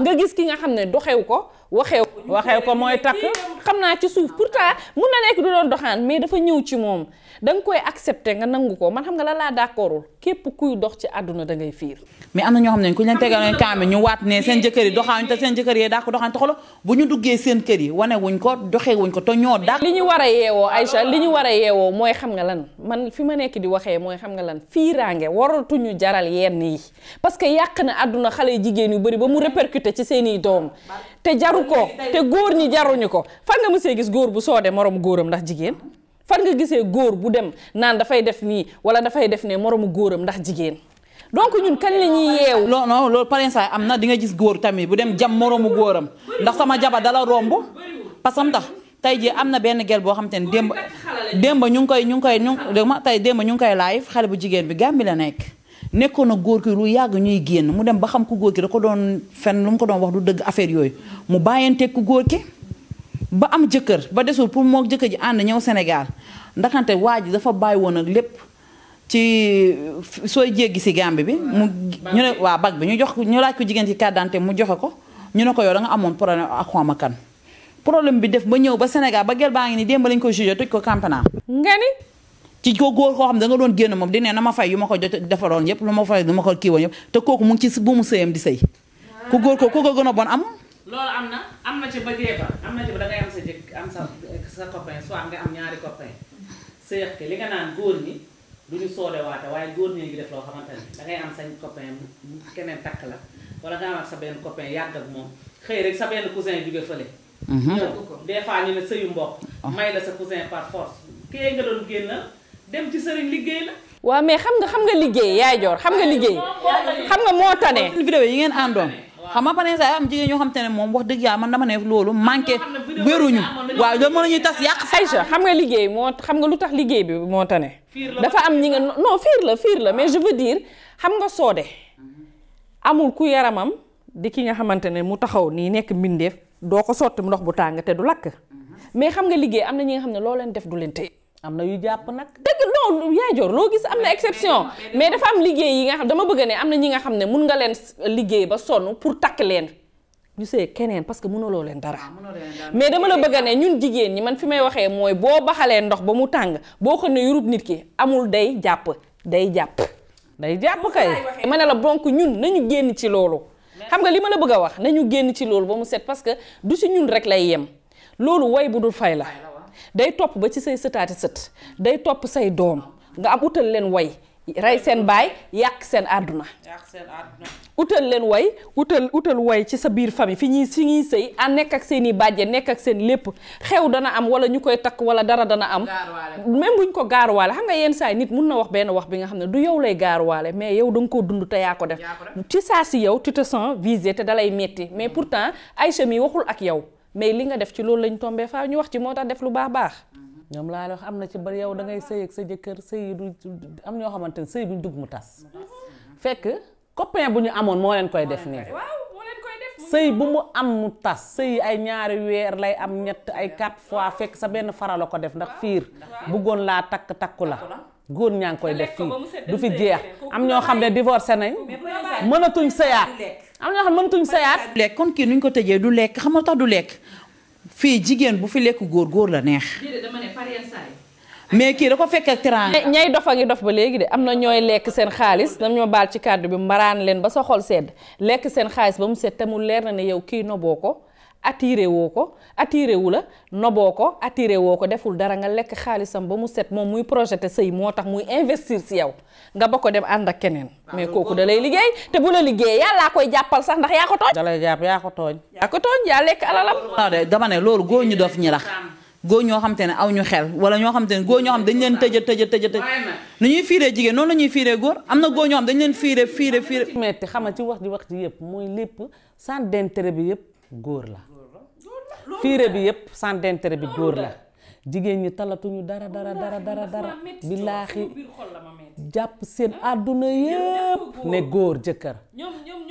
nga gis ki nga xam ne doxew ko waxew waxew ko mooy takk xam naa ci suuf pourtant mun na nekk du doon doxaan mais dafa ñëw ci moom danga koy accepté nga nangu ko man xam nga lan laa d'accordul képp kuy dox ci àdduna da ngay fiir mais am na ñoo xam ne ku ñu leen tegal kaame ne seen jëkkër yi doxaañ te seen jëkkër yi daa ko doxaañ te xolo bu ñu duggee seen kër yi wane wuñ ko doxee wuñ ko te ñoo daa li ñu war a yeewoo Aïcha li ñu war a yeewoo mooy xam nga lan man fi ma nekk di waxee mooy xam nga lan fiiraange ñu jaral yenn yi parce que yàq na àdduna xale jigéen yu bëri ba mu répercuté ci seeni doom te jaru ko te góor ñi jaruñu ko fan nga mësee gis góor bu soodee moroom góoram ndax jigéen fan nga gisee góor bu dem naan dafay def nii wala dafay def ne moroomu góoram ndax jigéen donc ñun kañ la ñuy yeewu. loolu par sax am na di nga gis góor tamit bu dem jam moroomu góoram ndax sama jaba dala romb parce que tax tey jii am na benn gel boo xam te ne démb démb ñu ngi koy ñu ngi koy ñu ngi tey démb ñu ngi koy live xale bu jigéen bi Gàmbi la nekk. nekkoon na góor ki lu yàgg ñuy génn mu dem ba xam ku góor ki da ko doon fen lu mu ko doon wax du dëgg affaire yooyu mu góor ki. ba am jëkkër ba desul pour moo jëkkër ji ànd ñëw Sénégal ndaxante waa ji dafa bàyyi woon ak lépp ci sooy jéggi si Gàmbi bi mu ñu ne waa bag bi ñu jox ñu laaj ko jigéen ci carte mu joxe ko ñu ne ko yow da amoon problème ak xawma kan problème bi def ba ñëw ba Sénégal ba gel baa ngi ni démb lañ ko jugé toj ko campagnat nga ni ci ko góor koo xam da nga doon génn moom di ne na ma fay yu ma ko defaroon yëpp lu ma fay lu ma ko kii woon yëpp te kooku mu ngi ci bu mu sëyam di sëy ku góor ko ko gën a loolu am na am na ci ba dee ba am na ci ba dangay sa jëkk am sa nga am ñaari copain seex li nga naan góor ñi lu ñu soodewaate waaye góor ñi ngi def xamante ne dangay am sa copain keneen takk la wala nga am ak sa benn copain yàgg xëy rek sa benn cousin jóge fële yow mhm. des fois ñu ne sëyu mbokk ah. may la sa cousin par force kee nga doon génnal dem ci sëriñ liggéey la waaw mais xam nga xam nga liggéey yaay joor xam nga liggéey xam nga moo tane vidéo yi ngeen àndoon xam nga parents am jigéen ñoo xam te moom wax dëgg yàlla man dama ne loolu manqué wéruñu waaw loolu mën nañuy tas yàq Aïcha xam nga liggéey moo xam nga lu tax liggéey bi moo tane dafa am ñi nga non fiir la fiir la mais je veux xam nga soode amul ku yaramam di ki nga xamante ne mu taxaw nii nekk mbindeef doo ko sotti ndox bu tàng te du lakk mhm. mais xam nga liggéey am na ñi nga xam ne loo leen def du leen tey am na yu jàpp nag. dëgg non yaay joor loo gis am na exception mais dafa am liggéey yi nga xam dama bëgg ne am na ñi nga xam ne mun nga leen liggéey ba sonn pour takk leen. ñu see keneen parce que ah, mënuloo leen dara mais dama la bëgg ne ñun jigéen ñi man fi may waxee mooy boo baxalee ndox ba mu tàng boo ko ne yurub nit ki amul day jàpp day jàpp day jàpp kay ma ne la bonk ñun nañu génn ci loolu xam nga li ma la bëgg a wax na ñu génn ci loolu ba mu set parce que du si ñun rek lay yem loolu way bu dul fay la day topp ba ci say sëtaati sët day topp say doom nga am utal leen way rey seen baay yàq seen àdduna utal leen way utal utal way ci sa biir famille fi ñuy fi ñuy sëy a nekk ak seen i bàjje nekk ak seen lépp xew dana am wala ñu koy takk wala dara dana am même buñ ko gaaruwaale xam nga yenn saa nit mun na wax benn wax bi nga xam ne du yow lay gaaruwaale mais yow da koo dund te yaa ko def ci saa si yow tu te sens visé te dalay metti mais pourtant Aïcha mi waxul ak yow mais li nga def ci loolu lañ tombé faa ñu wax ci moo tax def lu baax baax. Mhm. ñoom laa wax am na ci ba yow da ngay sëy ak sa jëkkër sëy du am ñoo xamante ne sëy buñ dugg mu tas. Mhm. fekk copain bu ñu amoon moo leen koy def nii. sëy bu mu am mu tas sëy ay ñaari weer lay am ñett ay quatre fois fekk sa benn farala ko def ndax fiir bëggoon laa takk takku la góor ñaa ngi koy def fii du fi jeex am ñoo xam ne divorcé nañ mënatuñ sëyaat am na xam mëntuñ sëyaat lekk kon kii ñu ko tëjee du lekk xam nga tax du lekk fii jigéen bu fi lekk góor góor la neex mais kii da ko fekk ak teraanga ñay dof a ngi dof ba léegi de am na ñooy lekk seen xaalis dam ñoo baal ci kàddu bi mbaraan leen ba sa xol sedd lekk seen xaalis ba mu set te mu leer na ne yow kii noboo ko attiré woo ko attiré wu la noboo ko attiré woo ko deful dara nga lekk xaalisam ba mu set moom muy projeté sëy moo tax muy investir si yow nga ba ko dem ànd ak keneen. mais kooku da lay liggéey te bu la liggéey yàllaa koy jàppal sax ndax yaa ko tooñ. da jàpp yaa ko tooñ. yaa ko tooñ lekk alalam. waaw dama ne loolu góor ñu dof ñi la. góor ñoo xam te ne aw ñu xel wala ñoo xam te ne góor ñoo xam dañu leen tëj a tëj a tëj a tëj nu ñuy fiiree jigéen noonu la ñuy fiiree góor am na góor ñoo xam dañu leen fiiree fiiree fiiree metti xama ci wax di wax ji yëpp mooy lépp sans d'intérêt bi yëpp góor la fiire bi yëpp centre bi góor la jigéen ñi talatuñu dara dara dara dara dara billaahi jàpp seen ah, àdduna yëpp ne góor jëkkër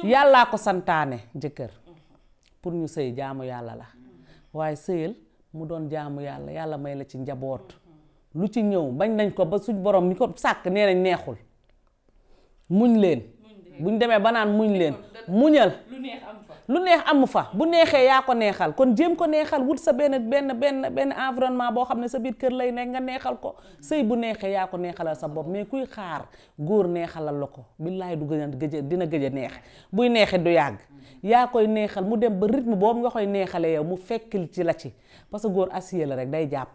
yàllaa ko santaane jëkkër mm-hmm. pour ñu sëy jaamu yàlla la mm-hmm. waaye sëyal mu doon jaamu yàlla yàlla may la ci njaboot mm-hmm. lu ci ñëw bañ nañ ko ba suñ boroom ñu ko sàkk nee nañ neexul muñ leen buñ demee ba naan muñ leen muñal lu neex amu fa bu neexee yaa ko neexal kon jéem ko neexal wut sa benn benn benn benn environnement boo xam ne sa biir kër lay nekk nga neexal ko sëy bu neexee yaa ko neexalal sa bopp mais kuy xaar góor neexalal la ko billaay du gëj a dina gëj a neex buy neexee du yàgg yaa koy neexal mu dem ba boobu nga koy neexalee yow mu fekk ci la ci parce que góor assier la rek day jàpp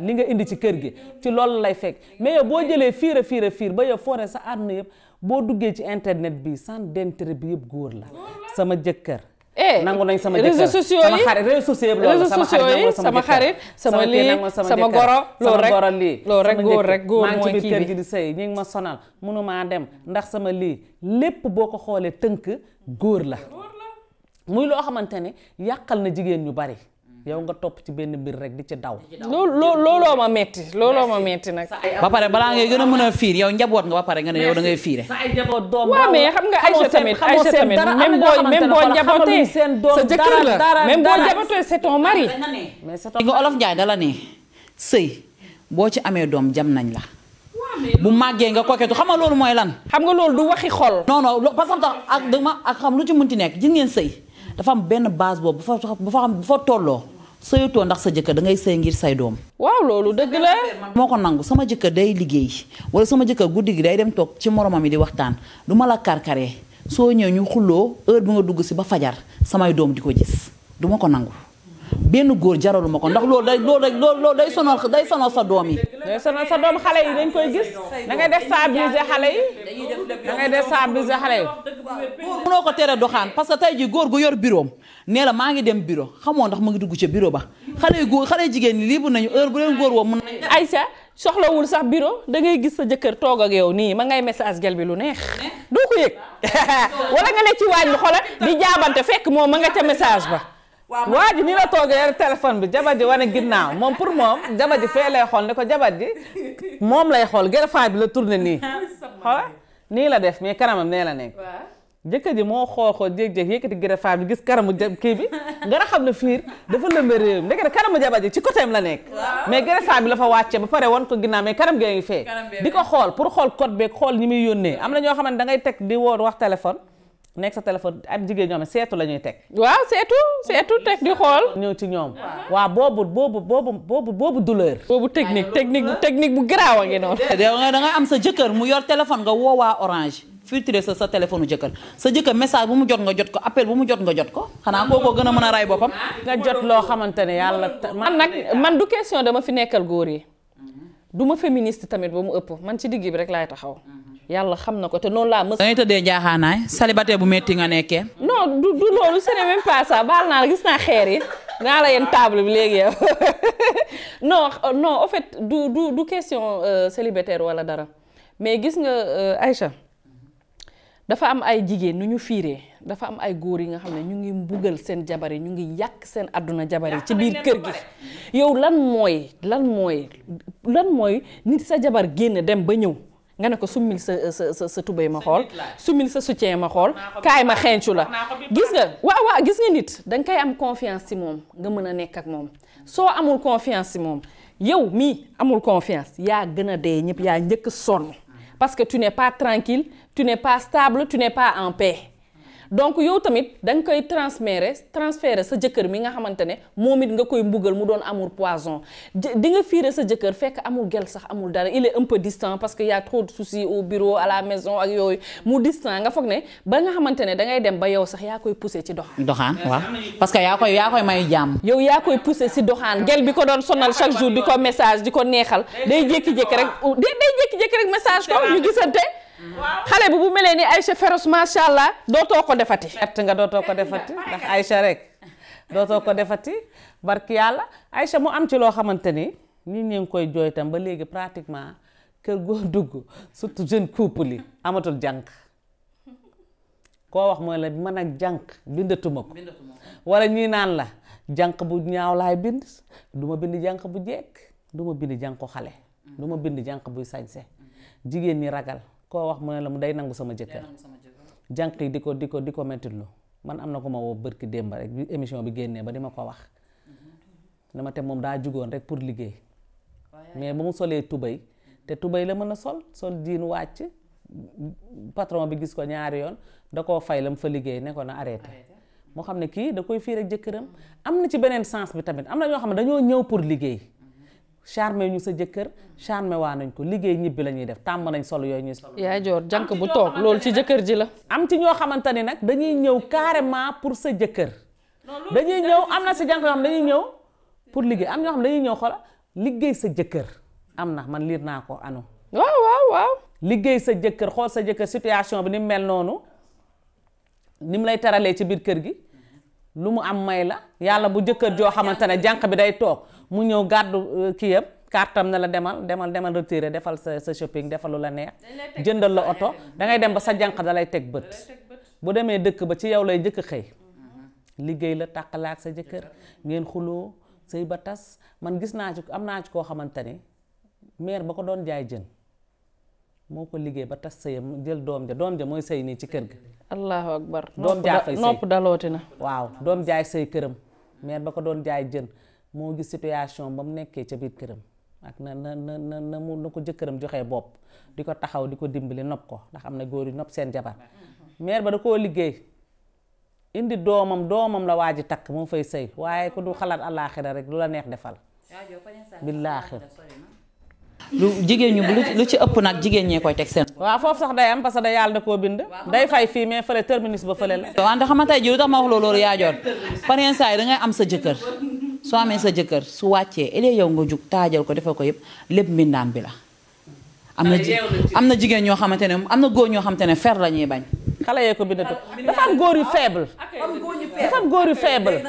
li nga indi ci kër gi ci loolu lay fekk mais yow boo jëlee fiir a fiir a fiir ba yow foo ne sa na yëpp boo duggee ci internet bi centre d'intérêt bi yëpp góor la sama jëkkër eh, nangu nañ sama réseaux sociaux yi réseaux sociaux yi sama xarit sama lii sama goro sama rek goro lii loolu rek góor rek góor maa ngi ci di sëy ñu ngi ma sonal mënumaa dem ndax sama lii lépp boo ko xoolee tënk góor la muy loo xamante ni yàqal na jigéen ñu bari yow nga topp ci benn mbir rek di ci daw. looloo looloo ma metti looloo ma metti nag. ba pare balaa ngay gën a mën a fiir yow njaboot nga ba pare nga ne yow da ngay fiire. waaw xam nga Aïcha tamit Aïcha tamit même boo même boo njabootee sa jëkkër la même boo njabootee c'est ton mari. nga Olof Njaay ne sëy boo ci amee doom jam nañ la. bu màggee nga koketu xam nga loolu mooy lan. xam loolu du waxi xol. non non parce que ak dama ak xam lu ci mun ci nekk ji ngeen sëy dafa am benn base boobu bu fa bu fa tolloo. sëyatoo ndax sa jëkkër dangay ngay sëy ngir say doom. waaw loolu dëgg la. moo ko nangu sama jëkkër day liggéey wala sama jëkkër guddi gi day dem toog ci moromam yi di waxtaan du ma la karkaree soo ñëw ñu xulloo heure bi nga dugg si ba fajar samay doom di ko gis duma ko nangu. benn góor jaraluma ko ndax loolu day loolu day loolu day sonal day sonal sa doom yi. day sonal sa doom xale yi dañ koy gis da ngay def stabiliser xale yi da ngay def stabiliser xale yi. mënoo ko tere doxaan parce que tey jii góor gu yor biroom nee la maa ngi dem bureau xamoo ndax ma ngi dugg ca bureau ba xale yu góor xale jigéen ñi libre nañu heure bu leen góor woo mun nañu Aïcha soxlawul sax bureau da ngay gis sa jëkkër toog ak yow nii ma ngay message gel bi lu neex doo ko yëg wala nga ne ci waañ bi xoolal di jaabante fekk moom ma nga ca message ba waa ji ni la toogee yar téléphone bi jabar ji wane ginnaaw moom pour moom jabar ji fee lay xool ne ko jabar ji moom lay xool gërëfaay bi la tourné nii xoola nii la def mais kanamam nee la nekk jëkkër ji moo xool xool jéeg-jéeg yëkkati gërëfaam bi gis karamu kii bi nga a xam ne fiir dafa lëmbe réew mi ndekete karamu jabar ji ci côté am la nekk mais gërëfaam bi la wàcce ba pare wan ko ginnaaw mais karam gi ngi fee di ko xool pour xool code beeg xool ñi muy yónnee am na ñoo xam ne da ngay teg di woo wax téléphone nekk sa téléphone ak jigéen ñoo xam ne seetu la ñuy teg waaw seetu seetu teg di xool ñëw ci ñoom waaw boobu boobu boobu boobu boobu douleur boobu technique technique technique bu garaaw a ngi am sa jëkkër mu yor téléphone nga woowaa orange filtré sa sa téléphone jëkkër sa jëkkër message bu mu jot nga jot ko appel bu mu jot nga jot ko xanaa ko gën a mën a ray boppam nga jot loo xamante ne yàlla man nag man du question dama fi nekkal góor yi du ma féministe tamit ba mu ëpp man ci digg rek laay taxaw yàlla xam na ko te noonu laa mës. da ngay tëddee jaaxaanaay célibataire bu metti nga nekkee. no du du loolu ce n'est même baal naa la gis naa xeer yi naa la yenn table bi léegi yow non non du du du question euh, célibataire wala dara mais gis nga euh, Aïcha. dafa am ay jigéen nu ñu fiiree dafa am ay góor yi nga xam ne ñu ngi mbugal seen jabar yi ñu ngi yàq seen àdduna jabar yi ci biir kër gi yow lan mooy lan mooy lan mooy nit sa jabar génn dem ba ñëw nga ne ko summil sa sa sa tubéy ma xool summil sa soutien ma xool kaay ma xencu la gis nga waaw gis nga nit danga koy am confiance ci moom nga mën a nekk ak moom soo amul confiance ci moom yow mii amul confiance yaa gën a dee ñëpp yaa njëkk sonn parce que pas tranquille tu n'es pas stable tu n'es pas en paix donc yow tamit da nga koy transférer transférer sa jëkkër mi nga xamante ne moom it nga koy mbugal mu doon amour poison di nga fiire sa jëkkër fekk amul gel sax amul dara il est un peu distant parce que y trop de au bureau à la maison ak yooyu mu distant nga foog ne ba nga xamante ne da ngay dem ba yow sax yaa koy pousser ci doxaan. doxaan waaw parce que yaa koy yaa koy mayu jàmm. yow yaa koy pousser si doxaan gel bi ko doon sonal xale bi bu melee ni Aïcha féroce macha allah too ko defati. perte nga dootoo ko defati ndax Aïcha rek dootoo ko defati barki yàlla Aïcha mu am ci loo xamante ni nit ñi ngi koy jooy tam ba léegi pratiquement kër goo dugg surtout jeune couple yi amatul jànq koo wax mooy la mën ak jànq bindatuma ko wala ñii naan la jànq bu ñaaw laay bind duma bind jànq bu jekk duma ma bind jànqu xale du ma bind jànq buy sañse jigéen ñi ragal koo wax mu ne la mu day nangu sama jëkkër jànq yi di ko di ko di ko mettitlu man am na ko ma woo bërki démba rek bi émission bi génnee ba di ma ko wax dama mhm. te moom daa jugoon rek pour liggéey mais ba mu solee tubéy te tubéy la mën a sol sol jiin wàcc patron bi gis ko ñaari yoon da koo fay la mu fa liggéey nekkoon ko na arrêté moo xam ne kii da koy fiir ak jëkkëram mhm. am na ci beneen sens bi tamit am na ñoo xam ne dañoo ñëw pour liggéey charmé ñu sa jëkkër charmé waa nañ ko liggéey ñibbi la ñuy def tàmm nañ solo yooyu ñuy solo yaay joor jànk bu toog loolu ci jëkkër ji la am ci ñoo xamante ni nag dañuy ñëw carrément pour sa jëkkër dañuy ñëw am na si jànk yoo xam dañuy ñëw pour liggéey am ñoo xam dañuy ñëw xoola liggéey sa jëkkër am na man liir naa ko anu waaw waaw liggéey sa jëkkër xool sa jëkkër situation bi ni mel noonu nim lay teralee ci biir kër gi lu mu am may la yàlla bu jëkkër joo xamante ne jànq bi day toog mu ñëw gàddu euh, kiyam kartam na la demal demal demal retiré defal sa sa shopping defalu la neex jëndal la oto dangay dem ba sa jànq da lay teg bët bu demee dëkk ba ci yow lay jëkk xëy mm-hmm. liggéey la tàqala ak sa jëkkër ngeen xuloo sëy ba tas man gis naa ci am naa ci koo xamante ni maire ba ko doon jaay jën moo ko liggéey ba tas sëyam jël doom ja doom ja mooy sëy nii ci kër ga allahu akbar doom jaay fay na nopp dalootina waaw doom jaay sëy këram maire ba ko doon jaay jën moo gis situation ba mu nekkee ca biir këram ak na na na na na mu ko jëkkëram joxee bopp di ko taxaw di ko dimbali nopp ko ndax am na góor yu nopp seen jabar mère ba da koo liggéey indi doomam doomam la waa ji takk moo fay sëy waaye ko du xalaat àllaaxira rek lu la neex defal billaahi lu jigéen ñu bu lu ci ëpp nag jigéen ñee koy teg seen waaw foofu sax day am parce que da yàlla da koo bind day fay fii mais fële terminus ba fële la waa xamante ji lu tax ma wax loolu loolu yaajoon par exemple da am sa jëkkër soo amee sa jëkkër su wàccee elee yow nga jug taajal ko defal ko yëpp lépp mbindaam bi la. am na ah, am na jigéen ñoo xamante ne am na góor ñoo xamante ne fer la ñuy bañ. xale yee ko bindatu dafa ah, góor yu faible. dafa am góor yu faible.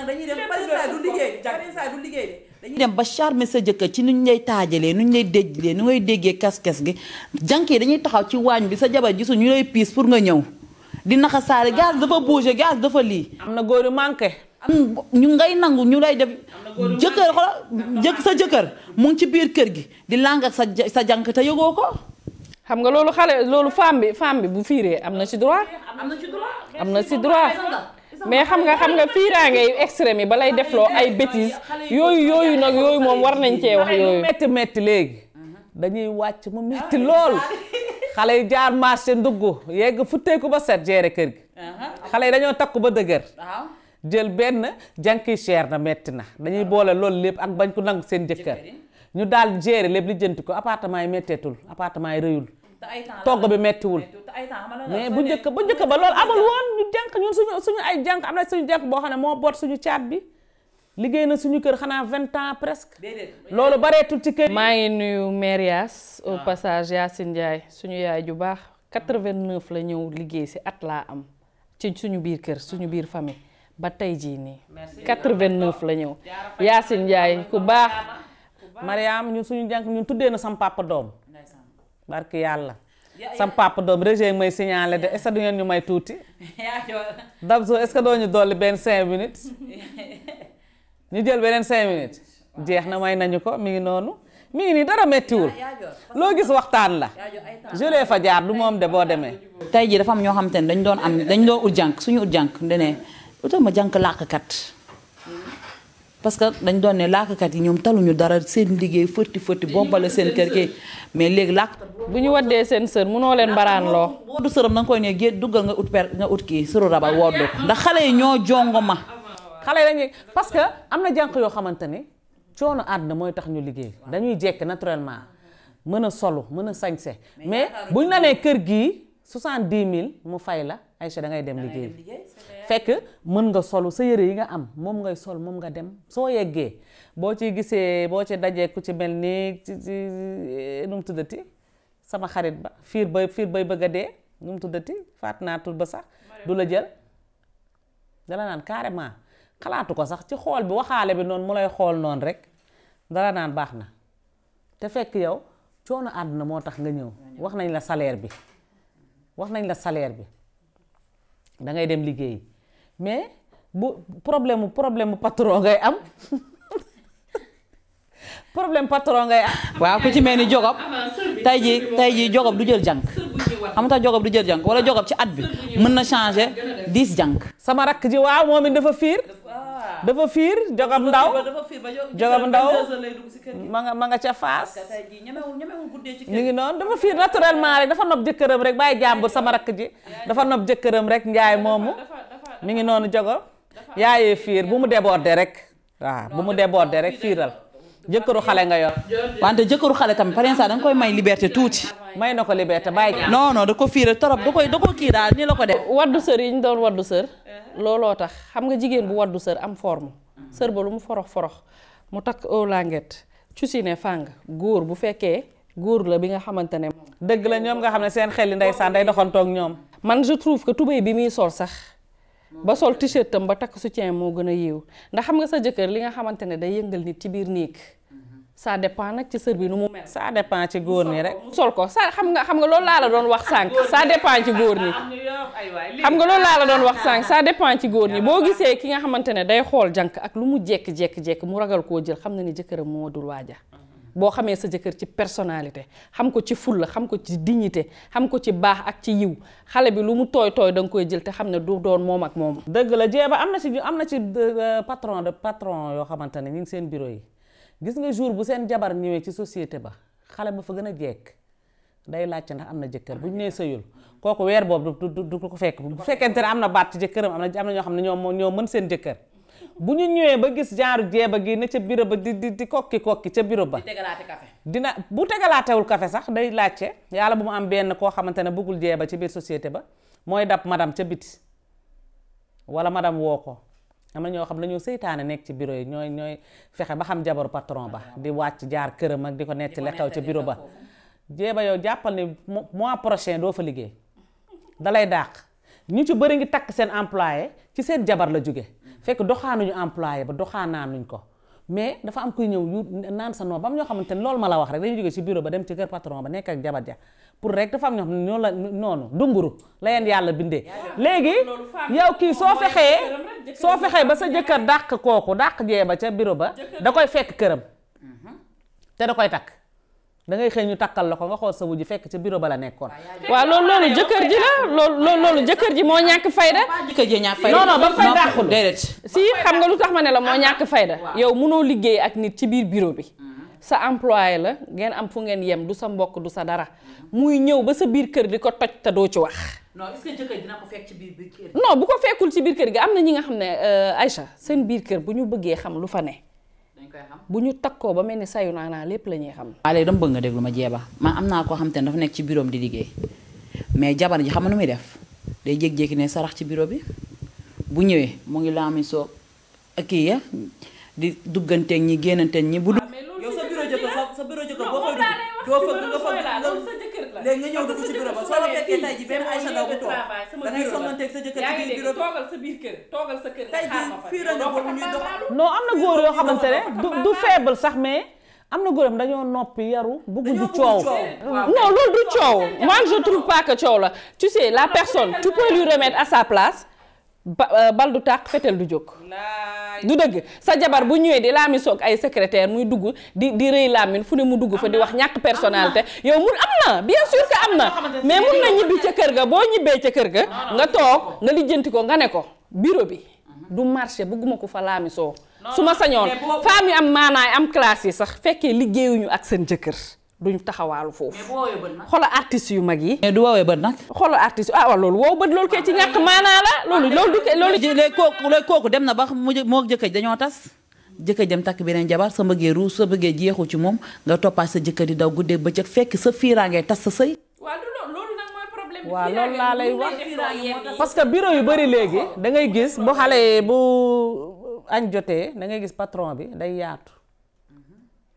dañuy dem ba charmer sa jëkkër ci nuñ lay taajalee nuñ lay déjlee nu ngay déggee kas-kas gi jànk yi dañuy taxaw ci waañ bi sa jabar gisu ñu pour nga ñëw di naxa saari dafa bouger gaz dafa lii. am na góor yu manqué. am ñu ngay nangu ñu lay def jëkkër xoolal jëkk sa jëkkër mu ci biir kër gi di làng sa sa jànk te yëgoo ko xam nga loolu xale loolu femme bi femme bi bu fiiree am na si droit am na ci droit am na ci droit mais xam nga xam nga fiiraange yu extrême yi ba lay defloo ay bêtises yooyu yooyu nag yooyu moom war nañ cee wax yooyu metti metti léegi dañuy wàcc mu metti lool xale yi jaar marché ndugg yegg futteeku ba set gérer kër gi xale yi dañoo takku ba dëgër jël benn jànki cher na metti na dañuy ah. boole loolu lépp ak bañ ku nangu seen jëkkër ñu daal gérer lépp li jënti ko appartement yi metteetul appartement yi rëyul togg bi mettiwul mais bu njëkk bu njëkk ba loolu amul woon ñu jànk ñun suñu suñu ay jànk am na suñu jànk boo xam ne moo boot suñu caat bi liggéey na suñu kër xanaa vingt ans presque loolu bareetul ci kër maa ngi nuyu mère Yaas au ah. passage Yacine Ndiaye suñu yaay ju baax vingt 89 la ñëw liggéey si at laa am ci suñu biir kër suñu biir famille ba tey jii nii. quatre vingt 89 la ñëw. Yacine Ndiaye ku baax. Mariam ñun suñu jànk ñun tuddee na sam papa doom. barki yàlla. sam papa doom rejet may signalé de est ce que du ngeen ñu may tuuti. Dabso est doo ñu dolli benn cinq minutes. ñu jël beneen cinq minutes. jeex na may nañu ko mi ngi noonu. mu ngi nii dara méttiwul. loo gis waxtaan la. jëlee fa jaar du moom de boo demee. tey jii dafa am ñoo xam te ne dañ doon am dañ doon ut jànk suñu ut jànk ndene lu tax jànq jànk kat parce que dañ doon ne làkkat yi ñoom taluñu dara seen liggéey fëtti fëtti bombale seen kër gi mais léegi làkkat bu ñu waddee seen sër munoo leen baraan loo woddu sëram da nga koy ne géet duggal nga ut per nga ut kii sëru rabal woddu ndax xale yi ñoo jongo ma xale yi lañuy parce que am na jànq yoo xamante ne coono àdduna mooy tax ñu liggéey dañuy jekk naturellement mën a solu mën a sañse mais buñ la nee kër gii soixante-dix mille mu fay la ay da ngay dem liggéey fekk mën nga solu sa yére yi nga am moom ngay sol moom nga dem soo yeggee boo ci gisee boo ci dajee ku ci mel ni ci ci eh, nu tuddati sama xarit ba fiir bay fiir bay bëgg a dee nu mu tuddati faat naa tur ba sax du la jël dala naan carrément xalaatu ko sax ci xool bi waxaale bi noonu mu lay xool noonu rek dala naan baax na te fekk yow coono àdduna moo tax nga ñëw wax nañ la salaire bi wax nañ la salaire bi dangay dem liggéey mais bu problème problème patron ngay am problème patron ngay am. waaw ku ci mel ni jogob tey jii tey jii jogob du jël jànk xam nga jogob du jël jànk wala jogob ci at bi mën na changer dix jànk. sama rakk ji waaw moom it dafa fiir. dafa fiir jogob ndaw jogob ndaw ma nga ma nga ca faas ñu ngi noonu dafa fiir naturellement rek dafa nopp jëkkëram rek bàyyi jàmbur sama rakk ji dafa nopp jëkkëram rek njaay moomu mi ngi noonu jago yaayee fiir bu mu déborder rek waaw bu mu de rek fiiral jëkkëru xale nga yor wante jëkkëru xale tamit par exemple da nga koy may liberté tuuti may na ko liberté bàyyi non da ko fiiral torop da koy da ko kii daal nii la ko def waddu sër yi ñu doon waddu sër looloo tax xam nga jigéen bu waddu sër am forme sër ba lu mu forox forox mu takk au languette cusine fàng góor bu fekkee góor la bi nga xamante ne dëgg la ñoom nga xam ne seen xel yi ndeysaan day doxantoog ñoom man je bi muy sol sax ba sol t-shirt tam ba takk tien moo gën a yiw ndax xam nga sa jëkkër li nga xamante ne day yëngal nit ci biir néeg saa dépend nag ci sër bi nu mu met ça dépend ci góor ñi rek. sol ko saa xam nga xam nga loolu laa la doon wax sànq. ça dépend ci góor ñi. xam nga loolu laa la doon wax sànq ça dépend ci góor ñi boo gisee ki nga xamante ne day xool jànk ak lu mu jekk jekk jekk mu ragal koo jël xam na ni jëkkër jëkkëram moo dul waaja boo xamee sa jëkkër ci personnalité xam ko ci fulla xam ko ci dignité xam ko ci baax ak ci yiw xale bi lu mu tooy tooy da nga koy jël te xam ne du doon moom ak moom. dëgg la jeeba am na ci am na ci euh, patron de patron yoo xamante ne ñu ngi seen bureau yi gis nga jour bu seen jabar ñëwee ci société ba xale ba gën a jekk day laajte ndax am na jëkkër bu ñu nee sëyul kooku weer boobu du du du ko fekk bu fekkente ne am na baat ci jëkkëram am na am na ñoo xam ne ñoo ñoo mën seen jëkkër. bu ñu ñëwee ba gis genre jeeba gi ca bureau ba di di di kokki kokki ca bureau ba. di tegalaate café dina bu tegalaatewul café sax day laajte yàlla bu mu am benn koo xamante ne bëggul jeeba ci biir societé ba mooy dab madam ca biti wala madame woo ko am na ñoo xam ne ñoo seytaane nekk ci bureau yi ñooy ñooy fexe ba xam jabaru patron ba di wàcc jaar këram ak di ko netti la ca biro ba. jeeba yow jàppal ni mois prochain doo fa liggéey dalay dàq ñu ci bëri ngi takk seen employé ci seen jabar la jóge fekk doxaanuñu employé ba doxaanaanuñ ko mais dafa am kuy ñëw yu naan sa noom ba am ñoo xamante ne loolu ma la wax rek dañuy jógee ci bureau ba dem ci kër patron ba nekk ak jabar ja pour rek dafa am ñoo xam ne noonu dunguru la yeen yàlla bindee léegi yow kii soo fexee soo fexee ba sa jëkkër dàq kooku dàq jee ba ca bureau ba da koy fekk këram mhm. te da koy takk dangay xëy ñu takkal la ko nga xool sa wujj fekk ca bureau ba la nekkoon. waaw loolu loolu jëkkër ji la loolu jëkkër ji moo ñàkk fayda. jëkkër ji ñàkk fayda non non ba fay dàqul si xam nga lu tax ma ne la moo ñàkk fayda. yow munoo liggéey ak nit ci biir bureau bi. Mm-hmm. sa employé la ngeen am fu ngeen yem du sa mbokk du sa dara muy ñëw ba sa biir kër di ko toj te doo ci wax. non est-ce que bu ko fekkul ci biir kër gi am na ñi nga xam ne euh, Aïcha seen biir kër bu ñu bëggee xam lu fa ne bu ñu takkoo ba mel ni sayu naanaa lépp la ñuy xam. waaye léegi dama bëgg nga déglu ma jeeba man am naa koo xam te ne dafa nekk ci bureau di liggéey mais jabar ji xam nga nu muy def day jékki-jékki ne sarax ci bureau bi bu ñëwee mu ngi laami soo ak kii ya di dugganteeg ñi génnanteeg ñi bu. Ah, yow sa bureau jëkkër sa dugg léegi nga ñëw dugg ci bureau ba soo la fekkee tey ji benn Aïcha Ndaw bu toog da ngay songanteeg sa jëkkër ci biir bureau toogal sa biir kër toogal sa kër am na góor yoo xamante ne du du faible sax mais am na góoram dañoo noppi yaru bëgg du coow non loolu du coow moi je trouve pas que la tu sais la personne tu peux lui remettre à sa place euh, bal du tàq fetel du jóg du dëgg sa jabar bu ñëwee di laami soog ay secrétaire muy dugg di di rëy laamin fu ne mu dugg fa di wax ñàkk personnalité yow mun am na bien sûr que am na mais mun na ñibbi ca kër ga boo ñibbee ca kër ga nga toog nga lijjanti ko nga ne ko bureau bi mhm. du marché bëgguma ko fa laami soo su ma sañoon am yi am maanaay am classe yi sax fekkee liggéeyuñu ak seen jëkkër duñ taxawaalu foofu. xoolal artistes yu mag yi. mais du woowee bët nag. xoolal artistes ah waaw loolu wow bët loolu kay ci ñàkk maanaa la loolu loolu du kay loolu. léegi kooku dem na ba mu jëkkër dañoo tas. jëkkër dem takk beneen jabar sa mbëggee ruus sa mbëggee jeexu ci moom nga toppaat sa jëkkër di daw guddee bëccëg fekk sa fiiraangee tas sa sëy. waaw loolu nag mooy problème. waaw loolu laa lay wax parce que bureau yu bëri léegi da ngay gis bu xale bu añ jotee da ngay gis patron bi day yaatu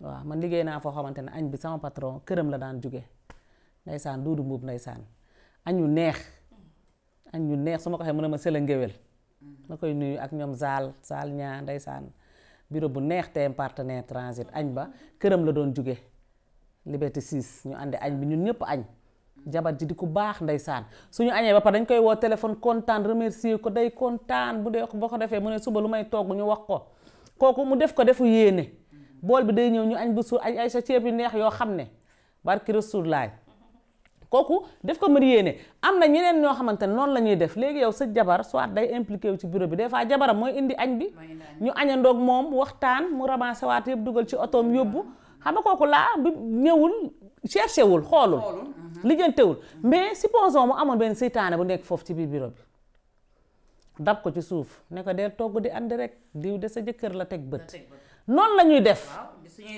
waaw man liggéey naa foo xamante ne añ bi sama patron këram la daan jóge ndaysaan duudu mbuub ndaysaan añ yu neex añ yu neex su ma ko waxee mu ne ma sëla ngéwél ma koy nuyu ak ñoom zaal zaal ñaa ndaysaan bureau bu neex te partenaire transit añ ba këram la doon juge liberté 6 ñu àndi añ bi ñun ñëpp añ jabar ji di ku baax ndeysaan suñu añee ba pare dañ koy woo téléphone kontaan remercier ko day kontaan bu dee boo ko defee mu ne suba lu may togg ñu wax ko kooku mu def ko defu yéene bool bi day ñëw ñu añ bu suur añ ay sa ceeb yu neex yoo xam ne barki Rasulullaay kooku def ko mën yéene am na ñeneen ñoo xamante ne noonu la ñuy def léegi yow sa jabar soit day impliqué wu ci bureau bi des fois jabaram mooy indi añ bi ñu añandoog moom waxtaan mu ramassé waat yëpp dugal ci otoom yóbbu xam nga kooku laa bi ñëwul cherché wul xoolul mhm. lijjantewul mais supposons mu amoon benn seytaane bu nekk foofu ci biir bureau bi dab ko ci suuf ne ko dee togg di andi rek de sa jëkkër la teg bët noonu la ñuy def.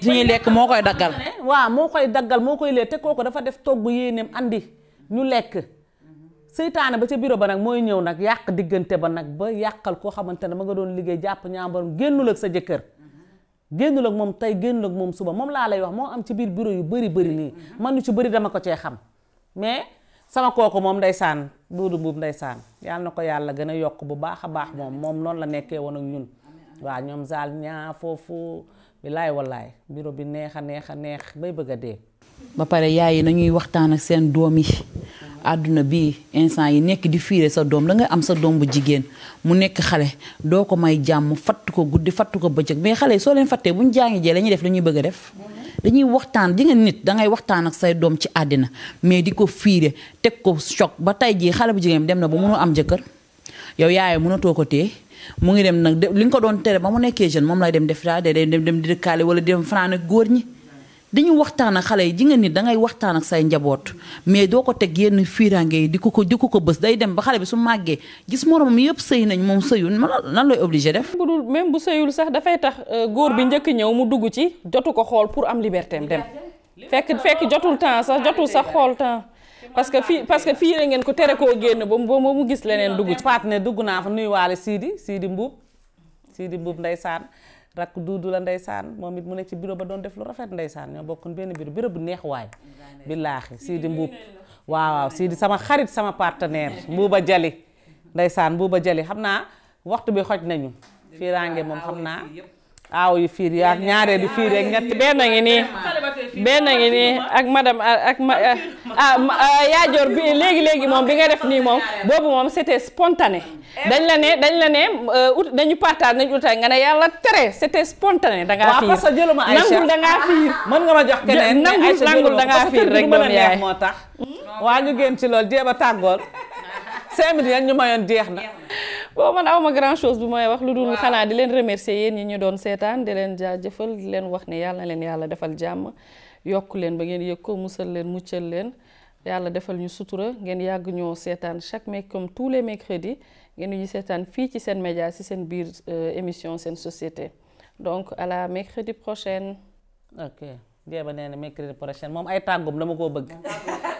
suñuy lekk moo koy daggal. waaw moo koy daggal moo koy lee te kooku dafa def togg yéeneem andi ñu lekk seytaane ba ca bureau ba nag mooy ñëw nag yàq diggante ba nag ba yàqal koo xamante ne ma nga doon liggéey jàpp ñaambaram génnul ak sa jëkkër. génnul ak moom tey génnul ak moom suba moom laa lay wax moo am ci biir bureau yu bari bari nii man ñu ci bëri dama ko cee xam mais sama kooku moom saan duudu buub ndeysaan yàlla na ko yàlla gën a yokk bu baax a baax moom moom noonu la nekkee woon ak ñun. waaw ñoom zaal ñaa foofu bilaay wallaay bureau neex a neex a neex bay bëgg a dee. ba pare yaay yi nañuy waxtaan ak seen doom yi. àdduna bi instant yi nekk di fiire sa doom da nga am sa doom bu jigéen mu nekk xale doo ko may jàmm fatt ko guddi fatt ko bëccëg mais xale yi soo leen fattee bu ñu jàngi jee la def la ñuy bëgg a def dañuy waxtaan di nga nit dangay waxtaan ak say doom ci àddina mais di ko fiire teg ko choc ba tey jii xale bu jigéen dem na ba mënoo am jëkkër yow yaay mënatoo ko téye mu ngi dem nag de li nga ko doon tere ba mu nekkee jeune moom lay dem def daa day dem dem di dëkkaale wala dem fanaan góor ñi. dañu waxtaan ak xale yi ji nga nit dangay waxtaan ak say njaboot mais doo ko teg yenn fiiraange yi di ko ko ko ko bës day dem ba xale bi su màggee gis moromam yëpp sëy nañ moom sëyul lan looy obligé def. bu dul même bu sëyul sax dafay tax euh, góor bi njëkk ñëw mu dugg ci jotu ko xool pour am liberté am dem fekk fekk jotul temps sax jotul sax xool temps. parce que fii parce que fii la ngeen ko tere koo génn ba mu ba mu gis leneen dugg ci. paat ne dugg naa fa di Sidi Sidi Mbuub Sidi Mbuub ndeysaan rakk duudu la ndeysaan moom it mu ne ci bureau ba doon def lu rafet ndeysaan ñoo bokkoon benn bureau bureau bu neex waay. billaahi Sidi Mbuub waaw waaw Sidi sama xarit sama partenaire Mbuuba Jali ndeysaan Mbuuba Jali xam naa waxtu bi xoj nañu. fiiraange moom xam naa. aaw yi fiir yaa ñaaree di fiir benn benn ngi nii ak madame ah, ak ma ah, ah, ah yaajoor bi léegi léegi moom bi nga def nii moom boobu moom c'était spontané dañ la ne dañ la ne euh, ut dañu partage nañu utaay nga ne yàlla tere c'était spontané da ngaa fiir parce que jëluma Aïcha nangul da ngaa fiir mën nga ma jox keneen nangul nangul da ngaa fiir rek doom yaay moo tax waa ñu génn si loolu jéem a tàggool cinq minutes ñu mayoon jeex na bon man aw ma grand chose bu may wax lu dul xanaa di leen remercier yéen ñi ñu doon seetaan di leen jaajëfal di leen wax ne yàlla leen yàlla defal jàmm yokk leen ba ngeen yëg ko musal leen muccal leen yàlla defal ñu sutura ngeen yàgg ñoo seetaan chaque merc comme tous les mercredis ngeen ñu seetaan fii ci seen média ci seen biir euh, émission seen société donc à la mercredi prochaine. ok jeeba nee na mercredi prochaine moom ay tàggoom dama koo bëgg.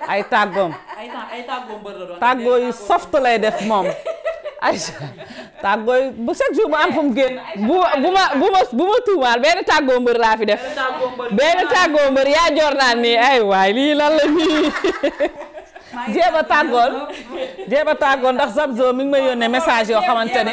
ay tàggoom ay tàggoom. tàggoo yu soft lay def moom. Aïcha tàggooy bu chaque jour mu am fu mu bu ma bu ma bu ma tuumaal benn tàggoo mbër laa fi def benn tàggoo mbër yaa jor naan nii ay waay lii lan la jéem a tàggool jéem a tàggool ndax Zabzo mi ngi may yónnee message yoo xamante ne.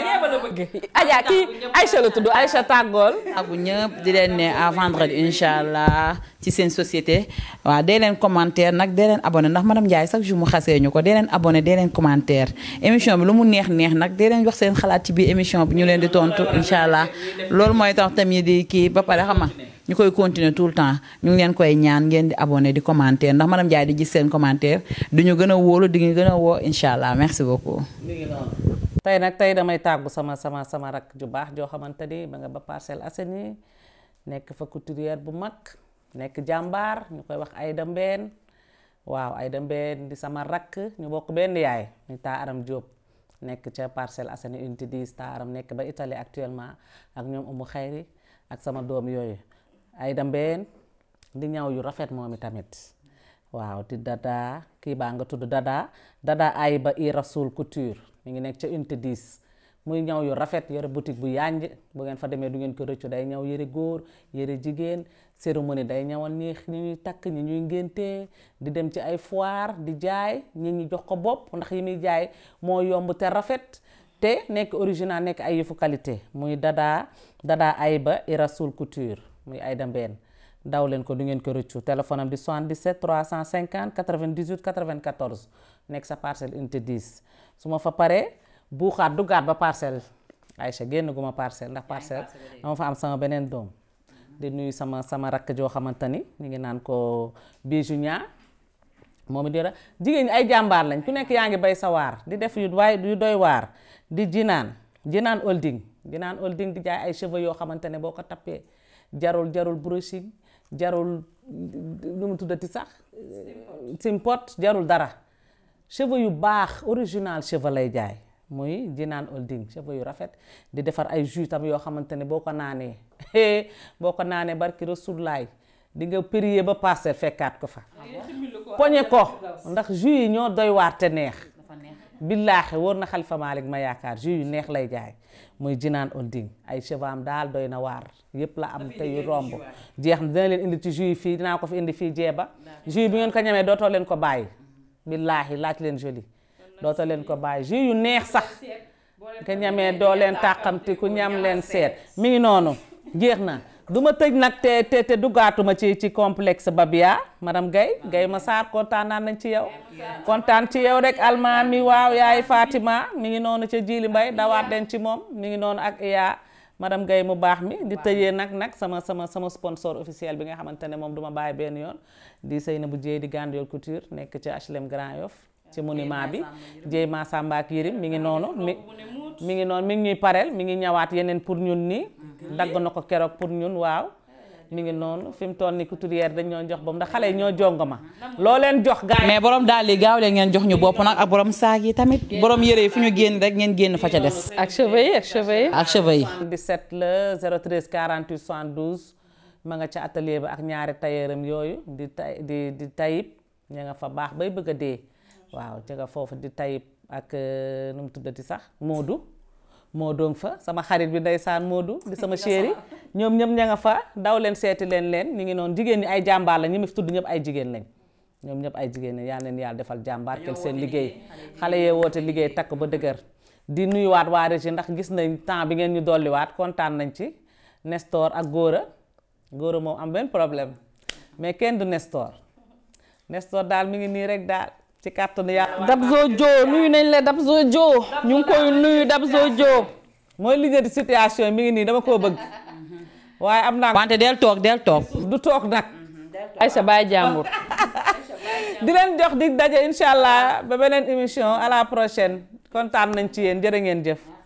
Adja kii Aïcha la tudd Aïcha tàggool. tàggu ñëpp di leen ne à vendredi incha allah ci seen société waa dee leen commentaire nag dee leen abonné ndax madame Ndiaye chaque jour mu xasee ñu ko dee leen abonné dee leen commentaire émission bi lu mu neex neex nag dee leen wax seen xalaat ci biir émission bi ñu leen di tontu incha allah loolu mooy tax tamit di kii ba pare xam ñu koy continuer tout le temps ñu ngeen koy ñaan ngeen di abonné di commentaire ndax madame Ndiaye di gis seen commentaire di ñu gën a wóolu di ñu gën a woo incha allah merci beaucoup. tey nag tey damay tàggu sama sama sama rak ju baax joo xamante ni ma nga ba Parcelles Assainies nekk fa couturière bu mag nekk jàmbaar ñu koy wax Aïda Mbène waaw Aïda Mbène di sama rakk ñu bokk benn yaay ñu taa Aram Diop. nekk ca Parcelles Assainies unité 10 taaram nekk ba Italie actuellement ak ñoom umu xayri ak sama doom yooyu Aïda Mbène di ñaw yu rafet moom i tamit waaw di dada kii baa nga tudd dada dada Aïba i Rasoul culture mi ngi nekk ca unité 10 muy ñaw yu rafet yëre boutique bu yanj bu ngeen fa demee du ngeen ko rëccu day ñaw yëre góor yëre jigéen cérémonie day ñawal ñi ñi ñuy takk ñi ñuy ngénte di dem ci ay foire di jaay ñi ñu jox ko bopp ndax yi muy jaay moo yomb te rafet te nekk original nekk ay yëfu qualité muy dada dada ay ba Rasoul Couture muy Aïda Mbène daw leen ko du ngeen ko rëccu téléphone am di 77 350 98 94 nekk sa parcelle unité 10 su ma fa paree buuxaat duggaat ba parcelle Aïcha génn gu ma parcelle ndax parcelle dama fa am sama beneen doom di nuy sama sama rakk joo xamante ni ñu ngi naan ko Bijou Niang moom it a jigéen ñi ay jàmbaar lañ ku nekk yaa ngi bay sa waar di def yu waay yu doy waar di jinaan jinaan holding jinaan holding jarul jarul brushing jarul lu mu tuddati sax simpot jarul dara cheve yu baax original cheveux lay jaay muy Dynane Holding cheveux yu rafet di defar ay jus tam yoo xamante ne boo ko naanee boo ko naanee barki Rasulaay di nga prier ba passé fekkaat ko fa ah poñe ko ndax jus yi ñoo doy waar te neex billaahi wóor na Xalifa Maalik ma yaakaar jus yu neex lay jaay muy Djinan Holding ay chevaux daal doy na waar yëpp la am tey romb jeex na dina leen indi ci jus fii dinaa ko fi indi fii jeeba jus bi ngeen ko ñamee dootoo leen ko bàyyi billaahi laaj leen joli dootoo leen ko bàyyi jus yu neex sax nga ñamee doo leen tàqamti ku ñam leen seet mi ngi noonu jeex na du ma tëj nag te te te duggaatuma ci ci complexe Babia madame gay Gaye Massar kontaan naa nañ ci yow kontaan ci yow rek almaam mi waaw yaay Fatima mi ngi noonu ca Jili Mbay dawaat den ci moom mi ngi noonu ak yaa madame Gaye mu baax mi di tëjee nag nag sama sama sama sponsor officiel bi nga xamante ne moom du ma bàyyi benn yoon di sëy na bu jéey di Gandiol Couture nekk ci HLM Grand Yoff ci monument bi jéy ma Samba ak Yérim mi ngi noonu mu ngi noonu mi ngi ñuy pareel mi ngi ñawaat yeneen pour ñun nii dagg na ko keroog pour ñun waaw eh. mi ngi noonu fi mu toll ni couturière dañ ñoo jox boobu ndax xale yi ñoo jong ma loo leen jox gaa mais boroom daal yi gaaw leen ngeen jox ñu bopp nag ak borom saag yi tamit borom yére yi fu ñu génn rek ngeen génn fa ca des ak cheveux yi ak cheveux yi ak cheveux yi 17 la 013 48 72 ma nga ca atelier ba ak ñaari tailleuram yooyu di tay di di tayib ña nga fa baax bay bëgg dee waaw jóge foofu di tayib ak euh, nu mu tuddati sax moo du moo nga fa sama xarit bi ndeysaan Modou di sama chéri ñoom ñëpp ña fa daw leen seeti leen leen ñu ngi noonu jigéen ñi ay jàmbaar la ñi fi tudd ñëpp ay jigéen lañ ñoom ñëpp ay jigéen lañ yal leen yàlla defal jàmbaar kenn seen liggéey xale yee woote liggéey takk ba dëgër di nuyuwaat waa Régie ndax gis nañ temps bi ngeen ñu dolliwaat kontaan nañ ci Nestor ak Gora Gora moom am benn problème mais kenn du Nestor ci kàttanu yàlla. Dabzo Dio nuyu nañ la Dabzo Dio. ñu ngi koy nuyu Dabzo Dio. mooy liggéey situation mi ngi nii dama koo bëgg. waaye am naa. wante del toog del toog. du toog nag. Mm-hmm. Aïcha bàyyi jàmbur. di leen jox di daje incha allah ba beneen émission à la prochaine kontaan nañ ci yéen jërë ngeen jëf.